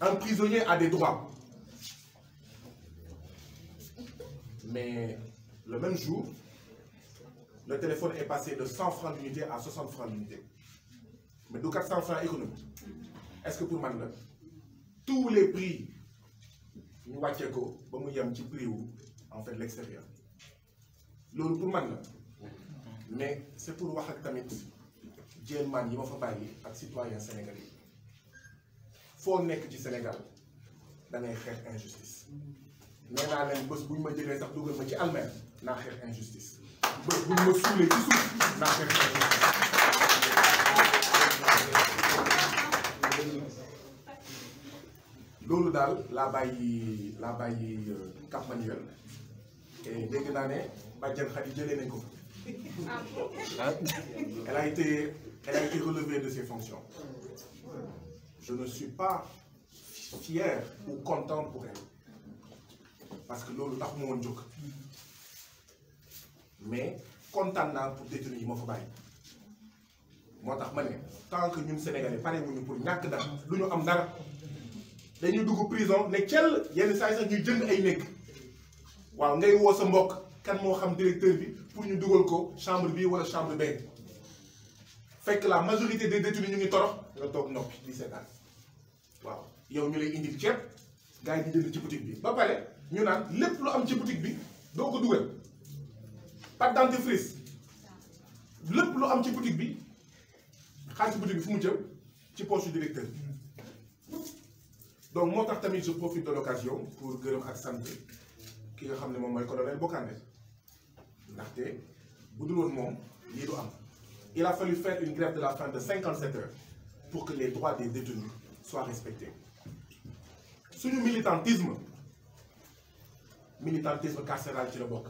un prisonnier a des droits mais le même jour le téléphone est passé de 100 francs d'unité à 60 francs d'unité. mais de 400 francs économiques est-ce que pour moi tous les prix nous avons ko ba prix en fait l'extérieur C'est pour moi mais c'est pour Wahak jéemaan yi ma fa ak citoyen sénégalais fo nek Sénégal da ngay injustice je len bëss buñ ma sax ma ci almer na injustice buñ ma ci que injustice euh, Cap Manuel et dégg elle, a été, relevée de ses fonctions. Je ne suis pas fier ou content pour elle. Parce que l'eau tax de jóg. Mais content pour détenir mon travail. tant que ñun sénégalais nous wuñu pour pas nous nous nous prison ne Nous jënd pour nous ko chambre ou la chambre fait que la majorité des détenus ñu ngi torox la tok noppi di waaw yow ñu lay indi ci boutique bi ba ñu lu am boutique bi lu am ci boutique bi boutique bi fu mu jëm ci directeur donc moi je profite de l'occasion pour gërëm ak ki nga colonel il a fallu faire une grève de la faim de 57 heures pour que les droits des détenus soient respectés le militantisme militantisme carcéral ci la bokk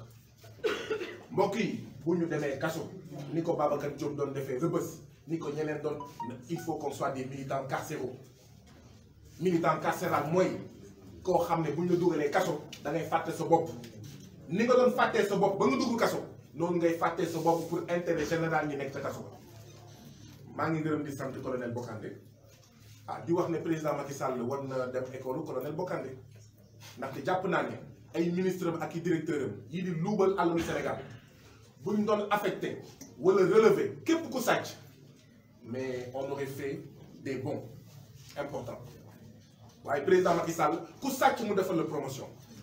mbokk yi qu'on il faut qu'on soit des militants carcéraux militant carcéral mooy koo xam ne de ñu des dugalee dans les de sa ni nga doon fàttee sa bopp ba nga dugg kaso noonu ngay fàttee sa bopp pour intérêt général ñi nekk ca kaso ba maa ngi gërëm di sant colonel Bokandé ah di wax ne président Macky Sall war na dem école colonel Bokandé ndaxte jàpp naa ne ay ministre am ak i directeur am yii di luubal alalu Sénégal buñ doon affecté wala relevé képp ku sàcc mais on aurait fait des bons importants waaye président Macky Sall ku sàcc mu defal la promotion.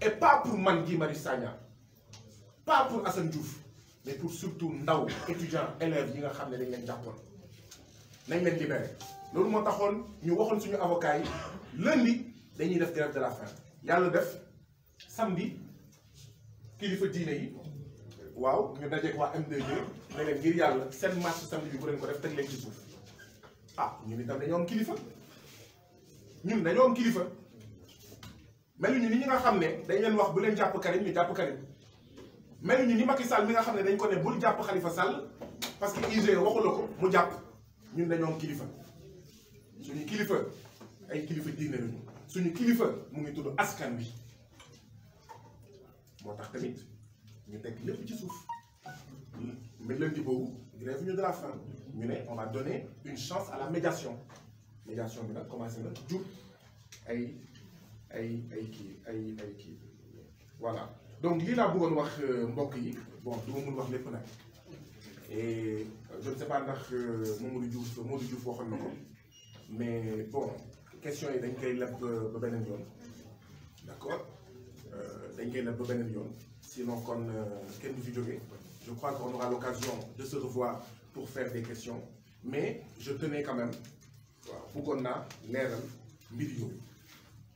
et pas pour Mangui Marissania, pas pour Assane Diouf mais pour surtout ndaw étudiants élèves yi nga xam dañ leen nañ Nous nous ñu avocat lundi dañuy def de la fin. def samedi kilifa diine yi waaw ñu M2D ngir match samedi bu leen def ci ah nous kilifa ñun am kilifa meluñu ni ñi nga xamné leen wax bu leen japp Karim japp Karim ni Macky Sall mi nga dañ ko ne Khalifa Sall parce que mu ñun suñu kilifa ay kilifa suñu kilifa mu ngi askan tamit ñu ci suuf mais grève de la faim on va donner une chance à la médiation médiation bi commencé ay ay ay ay voilà donc lii laa bëggoon wax euh, yi bon du ma mun wax lépp et je ne sais pas ndax euh, Mamadou Diouf Mamadou Diouf waxoon na mais bon question yi dañ koy euh, ba beneen yoon d'accord dañ koy leb ba beneen yoon sinon kon kenn du fi je crois qu'on aura l'occasion de se revoir pour faire des questions mais je tenais quand même waaw bëggoon naa leeral mbir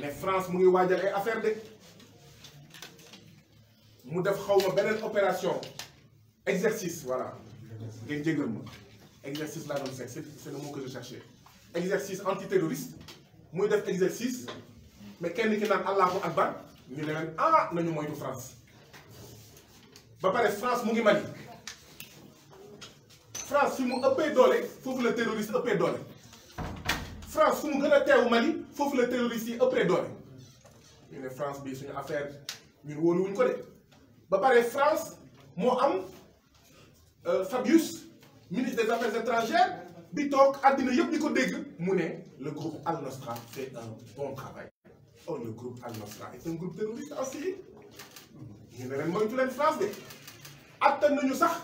mais France mu ngi ay affaire de mu def xawma benen opération exercice voilà ngeen exercice là doon c'est le mot que je cherchais exercice antiterroriste muy def exercice mais kenn ki naan allahu akbar ñu ne leen ah nañu moytu France ba pare France mu ngi Mali France si mu il faut que le terroriste peut donner. France fu mu gën au Mali faut la terroriste yi ëppee doole la La France bi suñu affaire ñun wóoluwuñ ko de ba La France moo am euh, Fabius ministre des affaires étrangères bi toog àddina yëpp di ko le groupe Al-Nosra fait un bon travail Oh, le groupe al Nostra est un groupe terroriste en Syrie ñu rien ren France de nous nañu sax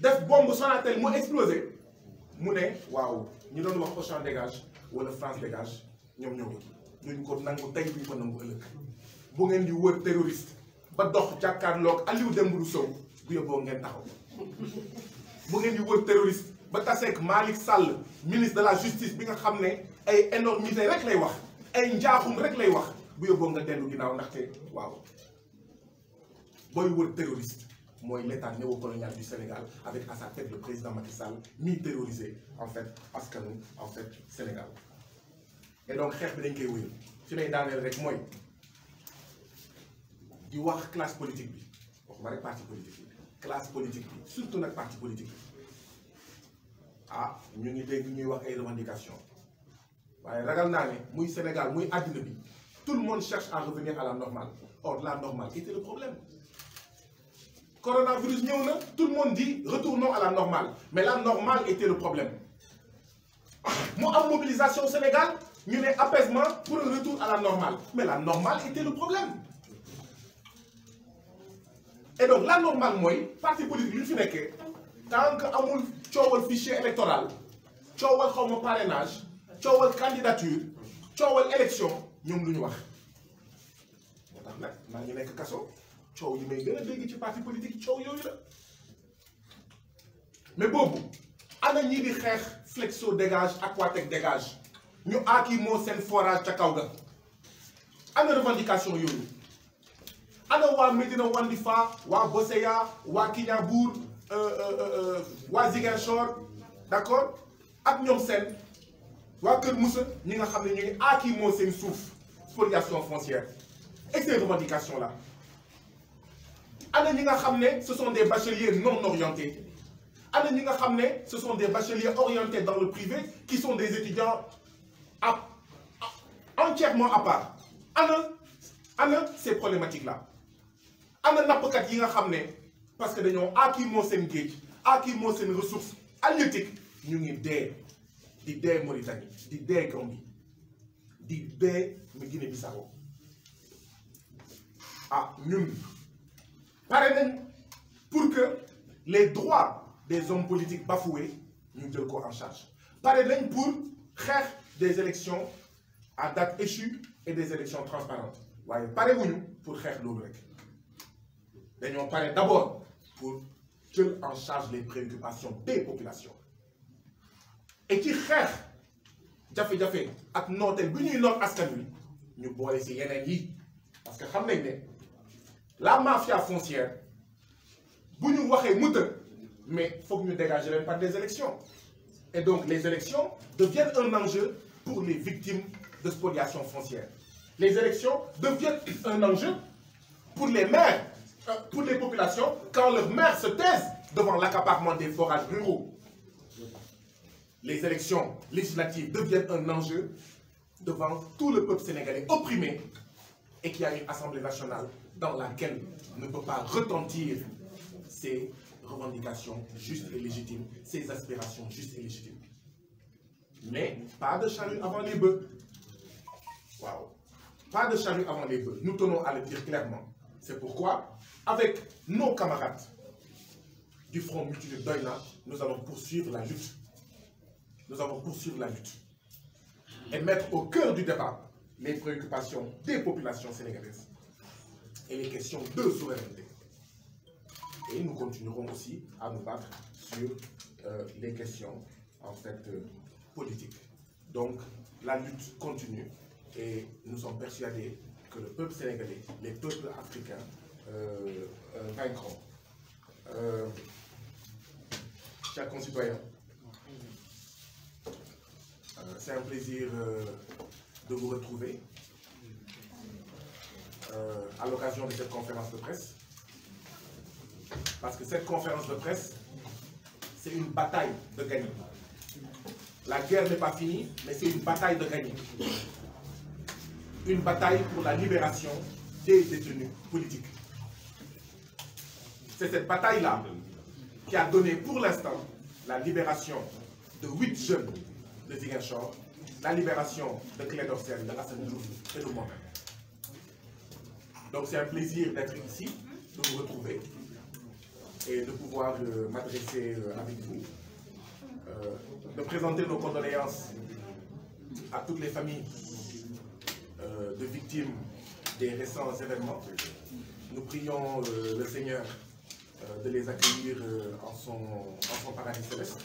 def bombe à mu explosé mu ne waaw nous doon wax prochain dégage wala France dégage Nous ñoo un ñu ko nangu Nous avons ko nangu ëlëk bu ngeen di wër terroriste ba dox Aliou Sow bu ngeen taxaw bu ngeen di wër terroriste ba Malick Sall ministre de la justice bi nga xam ay énormité rek lay wax ay terroriste moi, il est l'état néocolonial du Sénégal avec à sa tête le président Macky Sall mi terrorisé en fait nous, en fait Sénégal et donc xeex bi dañ koy wéyal fi may daaneel rek mooy di wax classe politique bi waxuma parti politique classe politique surtout notre parti politique ah ñu ngi dégg ñuy wax ay revendications waaye ragal ne Sénégal muy de tout le monde cherche à revenir à la normale or la normale était le problème tout le monde dit retournons à la normale mais la normale était le problème Moi, en mobilisation au Sénégal ñu un apaisement pour un retour à la normale mais la normale était le problème et donc la normale moi parti politique yu que tant que amul le fichier électoral un as parrainage une candidature une élection ñoom lu ñu wax Je coow yi may gën a parti politique est coow Mais la mais boobu ana ñii di flexo dégage aquatec dégage ñu aaki moo forage Il y a ana revendication a ana waa Médina Wandifa Wa Boseya Wa Kinyabour euh, euh, euh, Wa Ziguinchor d'accord ak il y Wa des Moussa ñi nga xam ne ñu s'en spoliation foncière et ces revendications là ce sont des bacheliers non orientés ce sont des bacheliers orientés dans le privé qui sont des étudiants entièrement à part ana ana ces problématiques là yi nga parce que nous acquis moo ressources géej acquis moo seen ressource halieutique ñu ngi dé, di dé Mauritanie di dé Gambie des dee parlez pour que les droits des hommes politiques bafoués nous le en charge Parlez-nous pour faire des élections à date échue et des élections transparentes Parlez-nous pour faire l'OBREC. rek nous d'abord pour jël en charge les préoccupations des populations et qui nous jafe-jafe ak nooteel bi ñuy Nous ñu nous si yeneen yi parce que xam nañ la mafia foncière bu nous, waxee mais faut ñu dégager pas des élections et donc les élections deviennent un enjeu pour les victimes de spoliation foncière les élections deviennent un enjeu pour les maires euh, pour les populations quand leurs maires se taisent devant l'accaparement des forages ruraux les élections législatives deviennent un enjeu devant tout le peuple sénégalais opprimé et qui a une assemblée nationale dans laquelle ne peut pas retentir ces revendications justes et légitimes, ses aspirations justes et légitimes. Mais pas de charrue avant les bœufs. Waouh Pas de charrue avant les bœufs. Nous tenons à le dire clairement. C'est pourquoi, avec nos camarades du Front Mutuel Doina, nous allons poursuivre la lutte. Nous allons poursuivre la lutte et mettre au cœur du débat les préoccupations des populations sénégalaises et les questions de souveraineté. Et nous continuerons aussi à nous battre sur euh, les questions en fait euh, politiques. Donc la lutte continue et nous sommes persuadés que le peuple sénégalais, les peuples africains euh, euh vaincront. chers concitoyens, c'est un plaisir de vous retrouver. Euh, à l'occasion de cette conférence de presse. Parce que cette conférence de presse, c'est une bataille de gagner. La guerre n'est pas finie, mais c'est une bataille de gagner. Une bataille pour la libération des détenus politiques. C'est cette bataille-là qui a donné pour l'instant la libération de huit jeunes de Ziguinchor, la libération de Claire d'Orsay, de Hassan et de moi-même. Donc c'est un plaisir d'être ici, de vous retrouver et de pouvoir euh, m'adresser euh, avec vous, euh, de présenter nos condoléances à toutes les familles de victimes des récents événements. Nous prions le Seigneur de les accueillir en son paradis céleste.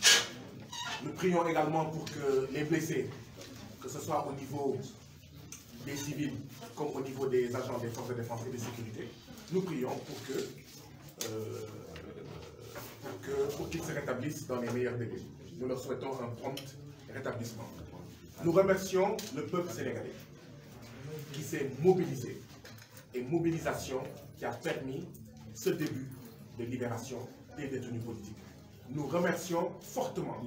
Nous prions également pour que les blessés, que ce soit au niveau des civils comme au niveau des agents des forces de défense et de sécurité, nous prions euh, pour que pour qu'ils se rétablissent dans les meilleurs délais. Nous leur souhaitons un prompt rétablissement. Nous remercions le peuple sénégalais qui s'est mobilisé et mobilisation qui a permis ce début de libération des détenus politiques. Nous remercions fortement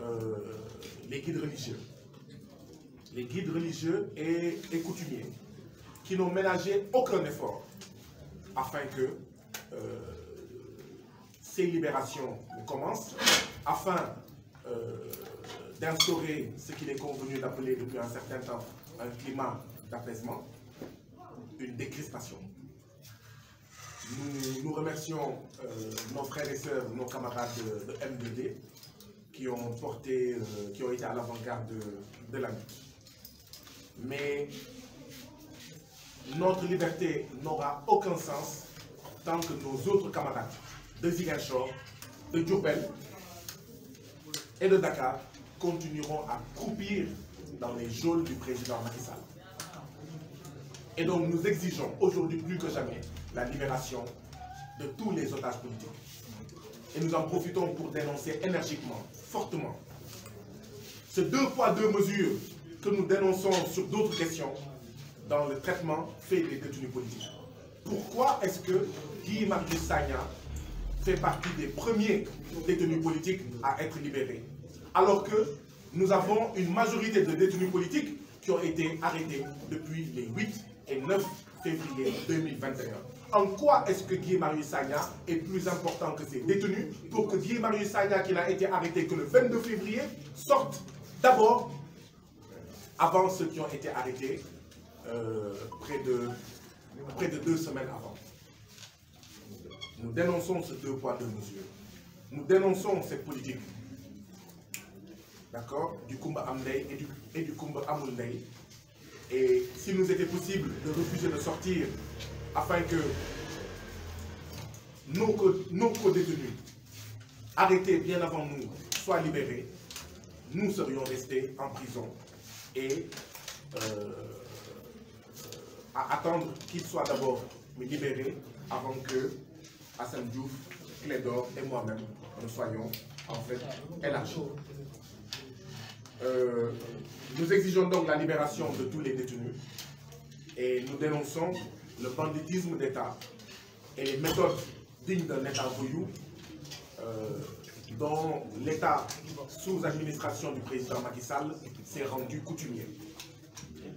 euh, les guides religieux les guides religieux et, les coutumiers, qui n'ont ménagé aucun effort afin que euh, ces libérations commencent, afin euh, d'instaurer ce qu'il est convenu d'appeler depuis un certain temps un climat d'apaisement, une décrispation. Nous, remercions euh, nos frères et sœurs, nos camarades de, M2D qui ont porté, qui ont été à l'avant-garde de, de la lutte. Mais notre liberté n'aura aucun sens tant que nos autres camarades de Ziguinchor, de Diopel et de Dakar continueront à croupir dans les geôles du président Macky Et donc nous exigeons aujourd'hui plus que jamais la libération de tous les otages politiques. Et nous en profitons pour dénoncer énergiquement, fortement, ce deux fois deux mesures que nous dénonçons sur d'autres questions dans le traitement fait des détenus politiques. Pourquoi est-ce que Guy Marius Sagna fait partie des premiers détenus politiques à être libérés Alors que nous avons une majorité de détenus politiques qui ont été arrêtés depuis les 8 et 9 février 2021. En quoi est-ce que Guy Marius Sagna est plus important que ces détenus pour que Guy Marius Sagna, qui a été arrêté que le 22 février, sorte d'abord avant ceux qui ont été arrêtés euh, près, de, près de deux semaines avant. Nous dénonçons ces deux poids, deux mesures. Nous dénonçons cette politique, d'accord, du Kumba Amdei et du, et du Kumba Et s'il nous était possible de refuser de sortir afin que nos, nos co-détenus arrêtés bien avant nous soient libérés, nous serions restés en prison et euh, euh, à attendre qu'il soit d'abord libéré avant que Hassan Diouf, Clédor et moi-même nous soyons en fait élargis. Euh, nous exigeons donc la libération de tous les détenus et nous dénonçons le banditisme d'État et les méthodes dignes d'un État voyou dont l'État sous administration du président Macky Sall s'est rendu coutumier.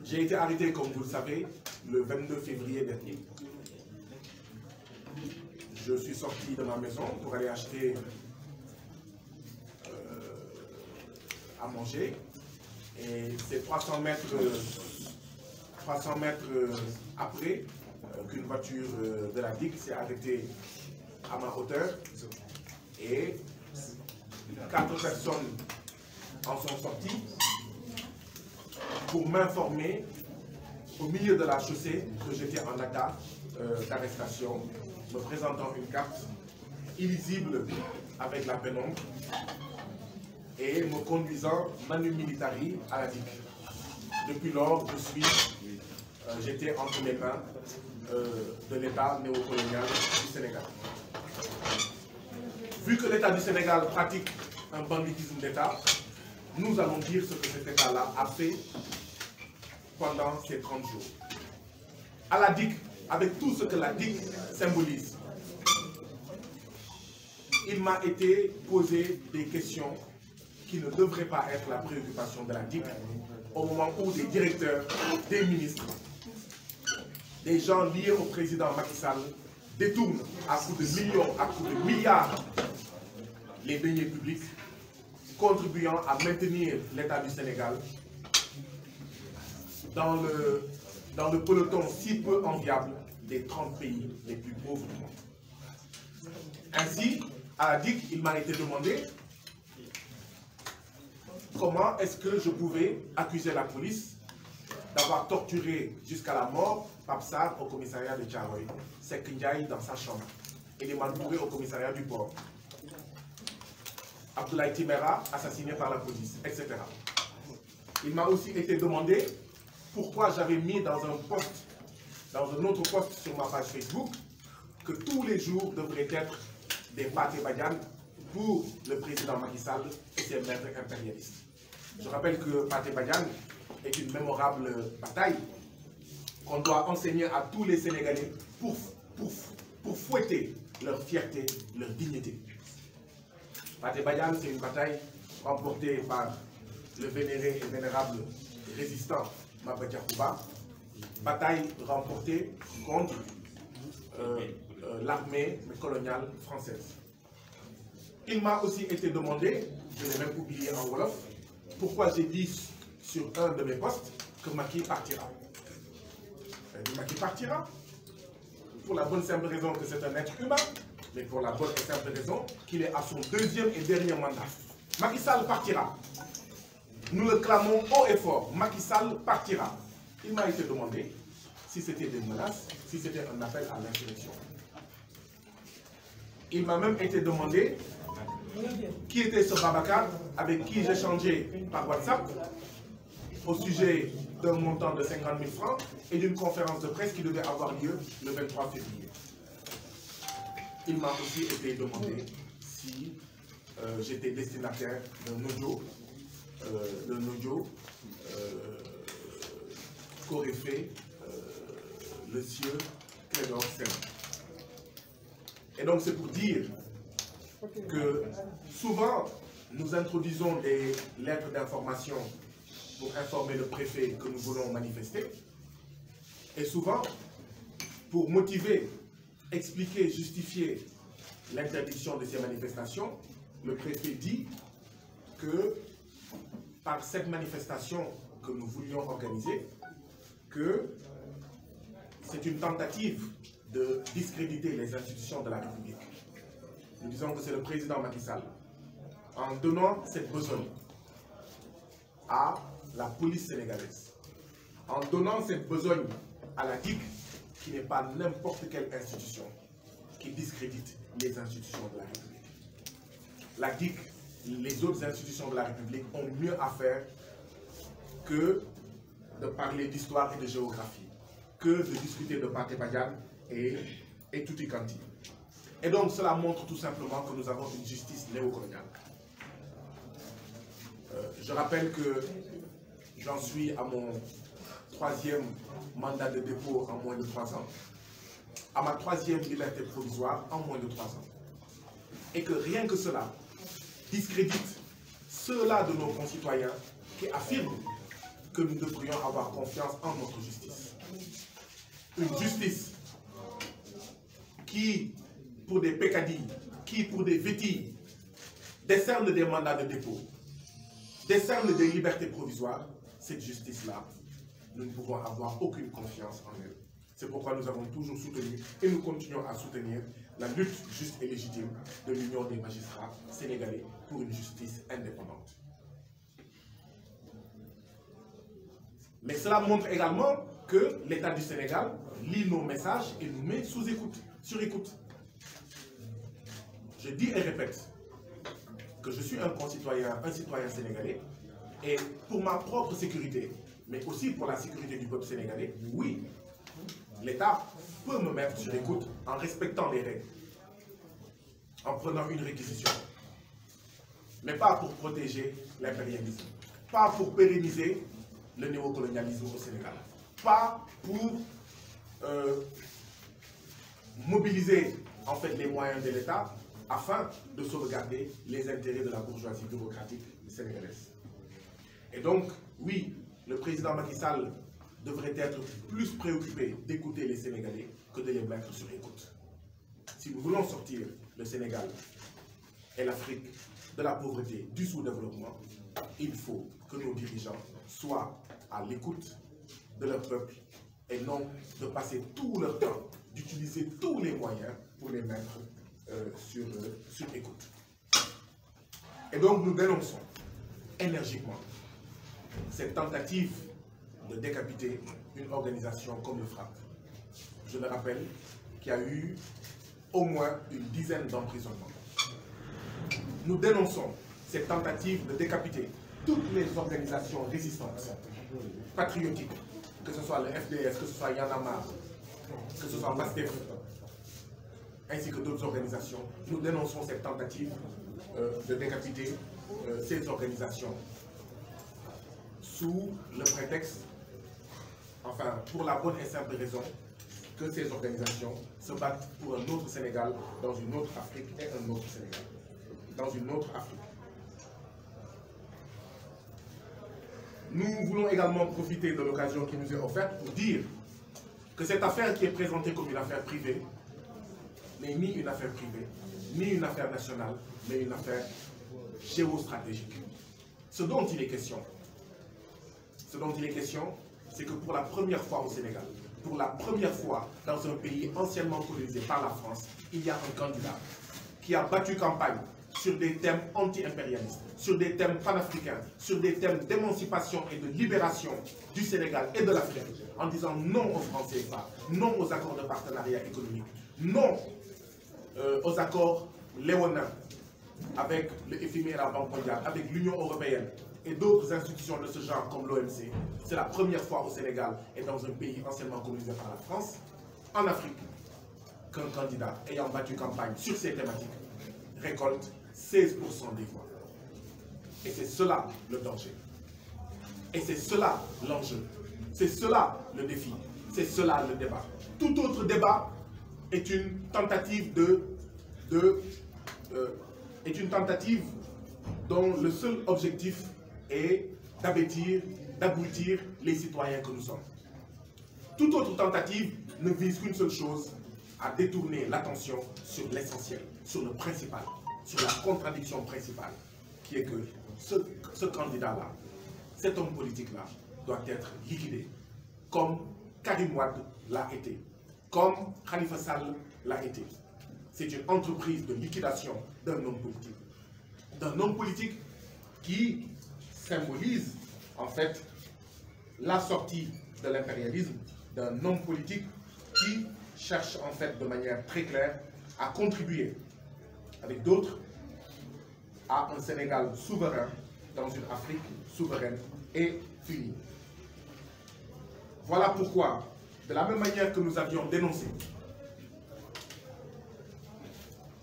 J'ai été arrêté, comme vous le savez, le 22 février dernier. Je suis sorti de ma maison pour aller acheter euh, à manger. Et c'est 300 mètres, 300 mètres euh, après euh, qu'une voiture de la DIC s'est arrêtée à ma hauteur. Et quatre personnes en sont sorties pour m'informer au milieu de la chaussée que j'étais en attaque euh, d'arrestation, me présentant une carte illisible avec la pénombre et me conduisant manu militari à la DIC. Depuis lors, je suis, euh, j'étais entre les mains euh, de l'État néocolonial du Sénégal. Vu que l'État du Sénégal pratique un banditisme d'État, nous allons dire ce que cet État-là a fait pendant ces 30 jours. À la DIC, avec tout ce que la DIC symbolise, il m'a été posé des questions qui ne devraient pas être la préoccupation de la DIC au moment où des directeurs, des ministres, des gens liés au président Macky Sall détournent à coups de millions, à coups de milliards les deniers publics contribuant à maintenir l'État du Sénégal dans le, dans le peloton si peu enviable des 30 pays les plus pauvres du monde. Ainsi, à la DIC, il m'a été demandé comment est-ce que je pouvais accuser la police d'avoir torturé jusqu'à la mort Papsar au commissariat de Tcharoy, Ndiaye dans sa chambre, et les Mantouré au commissariat du port, la assassiné par la police, etc. Il m'a aussi été demandé pourquoi j'avais mis dans un post, dans un autre poste sur ma page Facebook, que tous les jours devraient être des pâtes et pour le président Macky Sall et ses maîtres impérialistes. Je rappelle que Paté Badian est une mémorable bataille qu'on doit enseigner à tous les Sénégalais pour, pour fouetter leur fierté, leur dignité. Bate Bayan, c'est une bataille remportée par le vénéré et vénérable résistant Maba bataille remportée contre euh, euh, l'armée coloniale française. Il m'a aussi été demandé, je l'ai même oublié en Wolof, pourquoi j'ai dit sur un de mes postes que Maki partira. Ben, Maki partira, pour la bonne simple raison que c'est un être humain, mais pour la bonne et simple raison qu'il est à son deuxième et dernier mandat. Macky Sall partira. Nous le clamons haut et fort. Macky Sall partira. Il m'a été demandé si c'était des menaces, si c'était un appel à l'insurrection. Il m'a même été demandé qui était ce Babacar avec qui j'ai par WhatsApp au sujet d'un montant de 50 000 francs et d'une conférence de presse qui devait avoir lieu le 23 février. Il m'a aussi été demandé si euh, j'étais destinataire d'un audio, euh, d'un audio euh, fait euh, le sieur Clédor Et donc c'est pour dire que souvent nous introduisons des lettres d'information pour informer le préfet que nous voulons manifester et souvent pour motiver expliquer, justifier l'interdiction de ces manifestations, le préfet dit que par cette manifestation que nous voulions organiser, que c'est une tentative de discréditer les institutions de la République. Nous disons que c'est le président Macky Sall, en donnant cette besogne à la police sénégalaise, en donnant cette besogne à la DIC, qui n'est pas n'importe quelle institution qui discrédite les institutions de la République. La DIC, les autres institutions de la République ont mieux à faire que de parler d'histoire et de géographie, que de discuter de Pate et, et tout est Et donc cela montre tout simplement que nous avons une justice néocoloniale. Euh, je rappelle que j'en suis à mon troisième mandat de dépôt en moins de trois ans, à ma troisième liberté provisoire en moins de trois ans. Et que rien que cela discrédite ceux-là de nos concitoyens qui affirment que nous devrions avoir confiance en notre justice. Une justice qui, pour des pécadilles, qui, pour des vétilles, décerne des mandats de dépôt, décerne des libertés provisoires, cette justice-là nous ne pouvons avoir aucune confiance en eux. C'est pourquoi nous avons toujours soutenu et nous continuons à soutenir la lutte juste et légitime de l'Union des magistrats sénégalais pour une justice indépendante. Mais cela montre également que l'État du Sénégal lit nos messages et nous met sous écoute, sur écoute. Je dis et répète que je suis un concitoyen, un citoyen sénégalais, et pour ma propre sécurité, mais aussi pour la sécurité du peuple sénégalais, oui, l'État peut me mettre sur écoute en respectant les règles, en prenant une réquisition, mais pas pour protéger l'impérialisme, pas pour pérenniser le néocolonialisme au Sénégal, pas pour euh, mobiliser en fait les moyens de l'État afin de sauvegarder les intérêts de la bourgeoisie bureaucratique sénégalaise. Et donc, oui, le président Macky Sall devrait être plus préoccupé d'écouter les Sénégalais que de les mettre sur écoute. Si nous voulons sortir le Sénégal et l'Afrique de la pauvreté, du sous-développement, il faut que nos dirigeants soient à l'écoute de leur peuple et non de passer tout leur temps, d'utiliser tous les moyens pour les mettre euh, sur, euh, sur écoute. Et donc nous dénonçons énergiquement cette tentative de décapiter une organisation comme le FRAP, je le rappelle, y a eu au moins une dizaine d'emprisonnements. Nous dénonçons cette tentative de décapiter toutes les organisations résistantes, patriotiques, que ce soit le FDS, que ce soit Yanama, que ce soit Mastéf, ainsi que d'autres organisations. Nous dénonçons cette tentative euh, de décapiter euh, ces organisations sous le prétexte, enfin pour la bonne et simple raison, que ces organisations se battent pour un autre Sénégal dans une autre Afrique et un autre Sénégal, dans une autre Afrique. Nous voulons également profiter de l'occasion qui nous est offerte pour dire que cette affaire qui est présentée comme une affaire privée n'est ni une affaire privée, ni une affaire nationale, mais une affaire géostratégique. Ce dont il est question, ce dont il est question, c'est que pour la première fois au Sénégal, pour la première fois dans un pays anciennement colonisé par la France, il y a un candidat qui a battu campagne sur des thèmes anti-impérialistes, sur des thèmes panafricains, sur des thèmes d'émancipation et de libération du Sénégal et de l'Afrique, en disant non aux Français, non aux accords de partenariat économique, non euh, aux accords léonins avec le e et la Banque mondiale, avec l'Union européenne, et d'autres institutions de ce genre comme l'OMC. C'est la première fois au Sénégal et dans un pays anciennement colonisé par la France, en Afrique, qu'un candidat ayant battu campagne sur ces thématiques récolte 16% des voix. Et c'est cela le danger. Et c'est cela l'enjeu. C'est cela le défi. C'est cela le débat. Tout autre débat est une tentative de, euh, est une tentative dont le seul objectif et d'abêtir, d'aboutir les citoyens que nous sommes. Toute autre tentative ne vise qu'une seule chose, à détourner l'attention sur l'essentiel, sur le principal, sur la contradiction principale, qui est que ce, candidat-là, cet homme politique-là, doit être liquidé, comme Karim Wad l'a été, comme Khalifa Sall l'a été. C'est une entreprise de liquidation d'un homme politique. D'un homme politique qui symbolise en fait la sortie de l'impérialisme d'un homme politique qui cherche en fait de manière très claire à contribuer avec d'autres à un Sénégal souverain dans une Afrique souveraine et finie. Voilà pourquoi, de la même manière que nous avions dénoncé,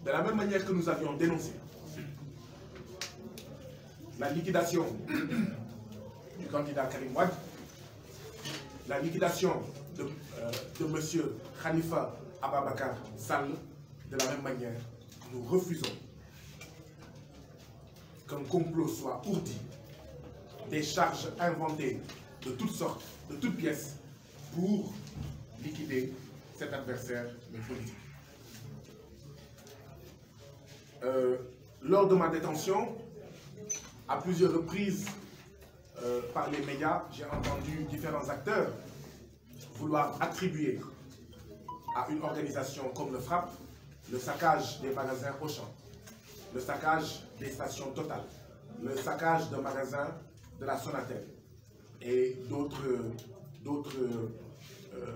de la même manière que nous avions dénoncé la liquidation du candidat Karim Wad, la liquidation de, euh, de M. Khalifa Ababakar Sall, de la même manière, nous refusons qu'un complot soit ourdi, des charges inventées de toutes sortes, de toutes pièces, pour liquider cet adversaire politique. Euh, lors de ma détention, à plusieurs reprises euh, par les médias, j'ai entendu différents acteurs vouloir attribuer à une organisation comme le FRAP le saccage des magasins Auchan, le saccage des stations Total, le saccage de magasins de la Sonatel et d'autres d'autres euh,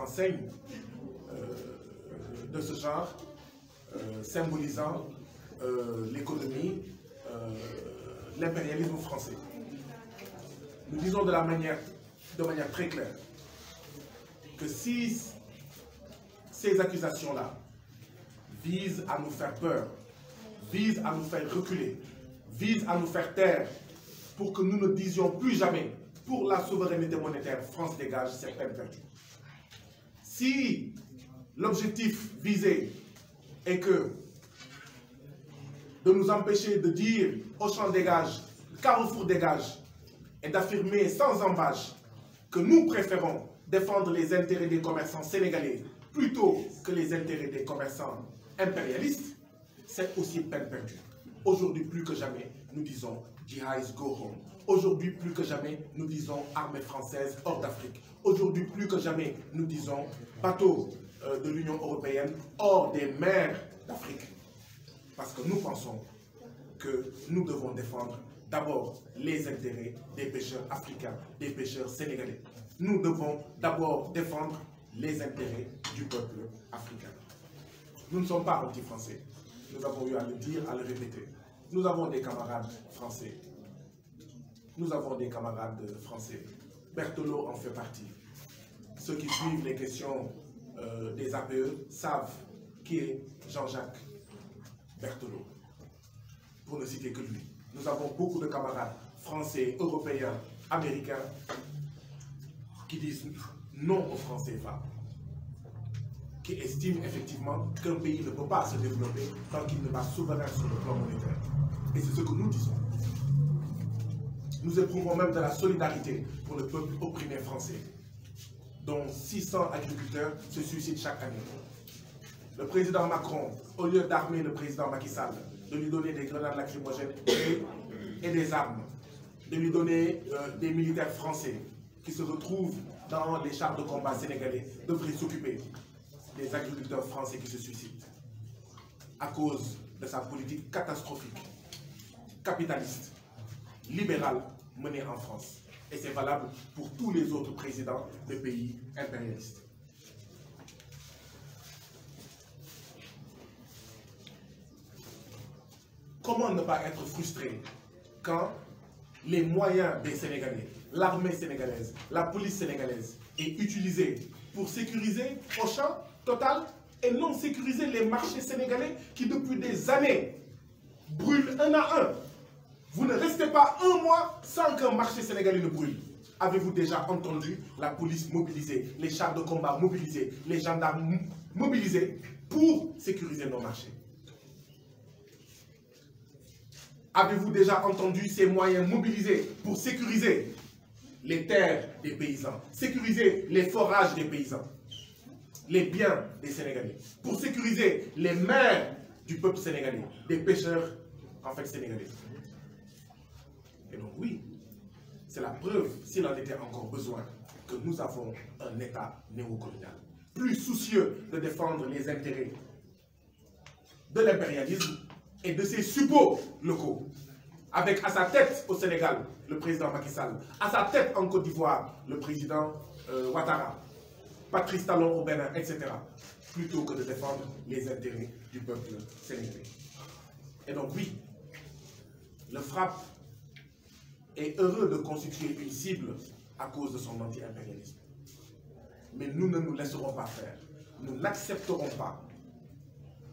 enseignes euh, de ce genre symbolisant euh, l'économie, euh, l'impérialisme français. Nous disons de, la manière, de manière très claire que si ces accusations-là visent à nous faire peur, visent à nous faire reculer, visent à nous faire taire pour que nous ne disions plus jamais pour la souveraineté monétaire, France dégage certaines vertus. Si l'objectif visé est que de nous empêcher de dire au champ dégage, Carrefour gages, et d'affirmer sans embâche que nous préférons défendre les intérêts des commerçants sénégalais plutôt que les intérêts des commerçants impérialistes, c'est aussi peine perdue. Aujourd'hui, plus que jamais, nous disons Jihadis go home. Aujourd'hui, plus que jamais, nous disons armée française hors d'Afrique. Aujourd'hui, plus que jamais, nous disons bateau euh, de l'Union européenne hors des mers d'Afrique. Parce que nous pensons que nous devons défendre d'abord les intérêts des pêcheurs africains, des pêcheurs sénégalais. Nous devons d'abord défendre les intérêts du peuple africain. Nous ne sommes pas anti-français. Nous avons eu à le dire, à le répéter. Nous avons des camarades français. Nous avons des camarades français. Berthelot en fait partie. Ceux qui suivent les questions euh, des APE savent qui est Jean-Jacques Berthelot, pour ne citer que lui. Nous avons beaucoup de camarades français, européens, américains, qui disent non aux français, va qui estiment effectivement qu'un pays ne peut pas se développer tant qu'il ne pas souverain sur le plan monétaire. Et c'est ce que nous disons. Nous éprouvons même de la solidarité pour le peuple opprimé français, dont 600 agriculteurs se suicident chaque année. Le président Macron, au lieu d'armer le président Macky Sall, de lui donner des grenades lacrymogènes et des armes, de lui donner euh, des militaires français qui se retrouvent dans les chars de combat sénégalais, devrait s'occuper des agriculteurs français qui se suicident à cause de sa politique catastrophique, capitaliste, libérale menée en France. Et c'est valable pour tous les autres présidents de pays impérialistes. Comment ne pas être frustré quand les moyens des Sénégalais, l'armée sénégalaise, la police sénégalaise est utilisée pour sécuriser champ Total et non sécuriser les marchés sénégalais qui depuis des années brûlent un à un. Vous ne restez pas un mois sans qu'un marché sénégalais ne brûle. Avez-vous déjà entendu la police mobilisée, les chars de combat mobilisés, les gendarmes mobilisés pour sécuriser nos marchés Avez-vous déjà entendu ces moyens mobilisés pour sécuriser les terres des paysans, sécuriser les forages des paysans, les biens des Sénégalais, pour sécuriser les mers du peuple sénégalais, des pêcheurs en fait sénégalais. Et eh donc oui, c'est la preuve, s'il en était encore besoin, que nous avons un État néocolonial, plus soucieux de défendre les intérêts de l'impérialisme et de ses suppôts locaux. Avec à sa tête au Sénégal, le président Macky Sall. À sa tête en Côte d'Ivoire, le président euh, Ouattara. Patrice Talon au Bénin, etc. Plutôt que de défendre les intérêts du peuple sénégalais. Et donc oui, le FRAP est heureux de constituer une cible à cause de son anti-impérialisme. Mais nous ne nous laisserons pas faire. Nous n'accepterons pas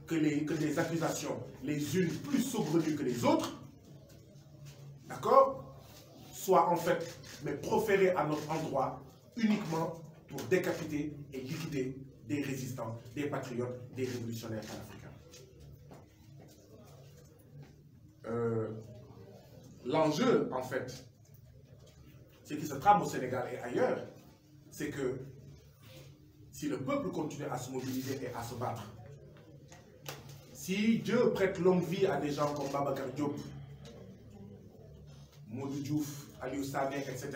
que, les, accusations, les unes plus saugrenues que les autres, d'accord, soient en fait, mais proférées à notre endroit uniquement pour décapiter et liquider des résistants, des patriotes, des révolutionnaires africains euh, L'enjeu, en fait, ce qui se trame au Sénégal et ailleurs, c'est que si le peuple continue à se mobiliser et à se battre, si Dieu prête longue vie à des gens comme Babacar Diop, Maudou Diouf, Aliou etc.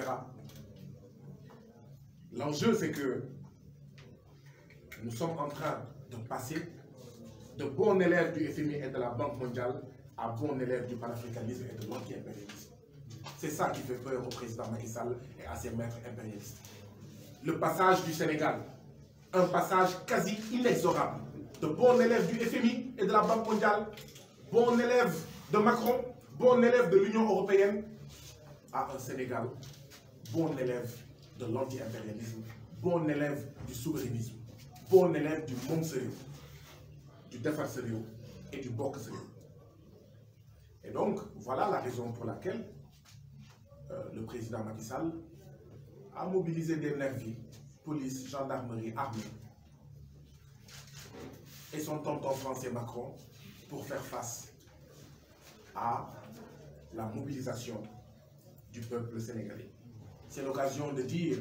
L'enjeu, c'est que nous sommes en train de passer de bons élèves du FMI et de la Banque mondiale à bons élèves du panafricanisme et de l'anti-impérialisme. C'est ça qui fait peur au président Macky Sall et à ses maîtres impérialistes. Le passage du Sénégal, un passage quasi inexorable de bons élèves du FMI et de la Banque mondiale, bon élève de Macron, bon élève de l'Union européenne, à un Sénégal, bon élève de l'anti-impérialisme, bon élève du souverainisme, bon élève du monde sérieux, du défense sérieux et du boc sérieux. Et donc, voilà la raison pour laquelle euh, le président Macky Sall a mobilisé des nervis, police, gendarmerie, armée, et son tonton français Macron pour faire face à la mobilisation du peuple sénégalais. C'est l'occasion de dire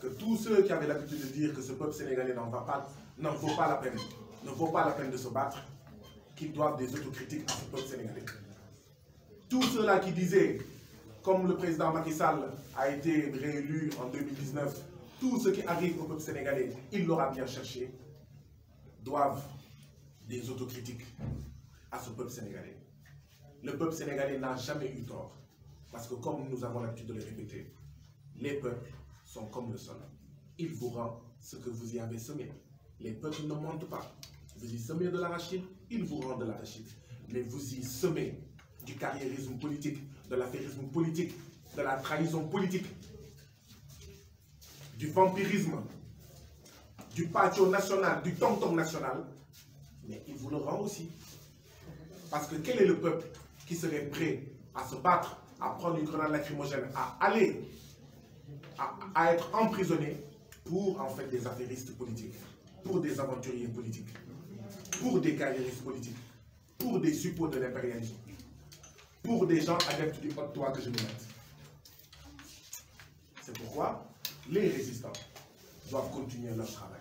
que tous ceux qui avaient l'habitude de dire que ce peuple sénégalais n'en va pas, n'en vaut pas la peine, ne vaut pas la peine de se battre, qu'ils doivent des autocritiques à ce peuple sénégalais. Tous ceux-là qui disaient, comme le président Macky Sall a été réélu en 2019, tout ce qui arrive au peuple sénégalais, il l'aura bien cherché, doivent des autocritiques à ce peuple sénégalais. Le peuple sénégalais n'a jamais eu tort, parce que comme nous avons l'habitude de le répéter, les peuples sont comme le sol. Il vous rend ce que vous y avez semé. Les peuples ne mentent pas. Vous y semez de l'arachide, ils vous rendent de l'arachide. Mais vous y semez du carriérisme politique, de l'affairisme politique, de la trahison politique, du vampirisme du patio national, du tom national, mais il vous le rend aussi. Parce que quel est le peuple qui serait prêt à se battre, à prendre une grenade lacrymogène, à aller, à, être emprisonné pour en fait des affairistes politiques, pour des aventuriers politiques, pour des carriéristes politiques, pour des suppôts de l'impérialisme, pour des gens adeptes du haut que je me C'est pourquoi les résistants doivent continuer leur travail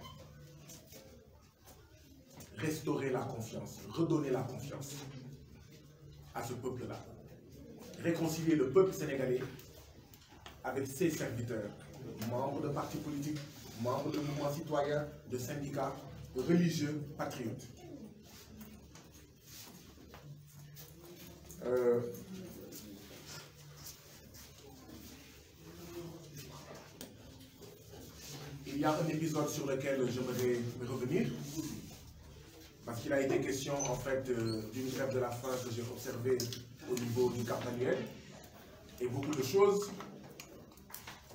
restaurer la confiance, redonner la confiance à ce peuple-là. Réconcilier le peuple sénégalais avec ses serviteurs, membres de partis politiques, membres de mouvements citoyens, de syndicats, religieux, patriotes. Euh, il y a un épisode sur lequel j'aimerais revenir, parce qu'il a été question en fait d'une grève de la faim que j'ai observée au niveau du cap manuel et beaucoup de choses,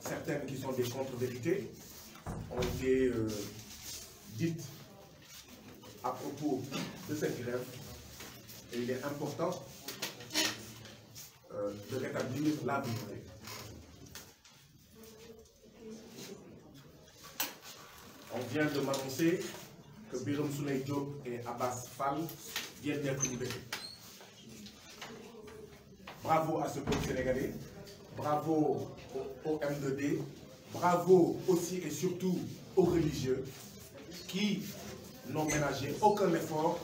certaines qui sont des contre-vérités, ont été euh, dites à propos de cette grève et il est important euh, de rétablir la vérité. On vient de m'annoncer que Birom Souley Diop et Abbas Fall viennent d'être libérés. Bravo à ce peuple sénégalais, bravo au M2D, bravo aussi et surtout aux religieux qui n'ont ménagé aucun effort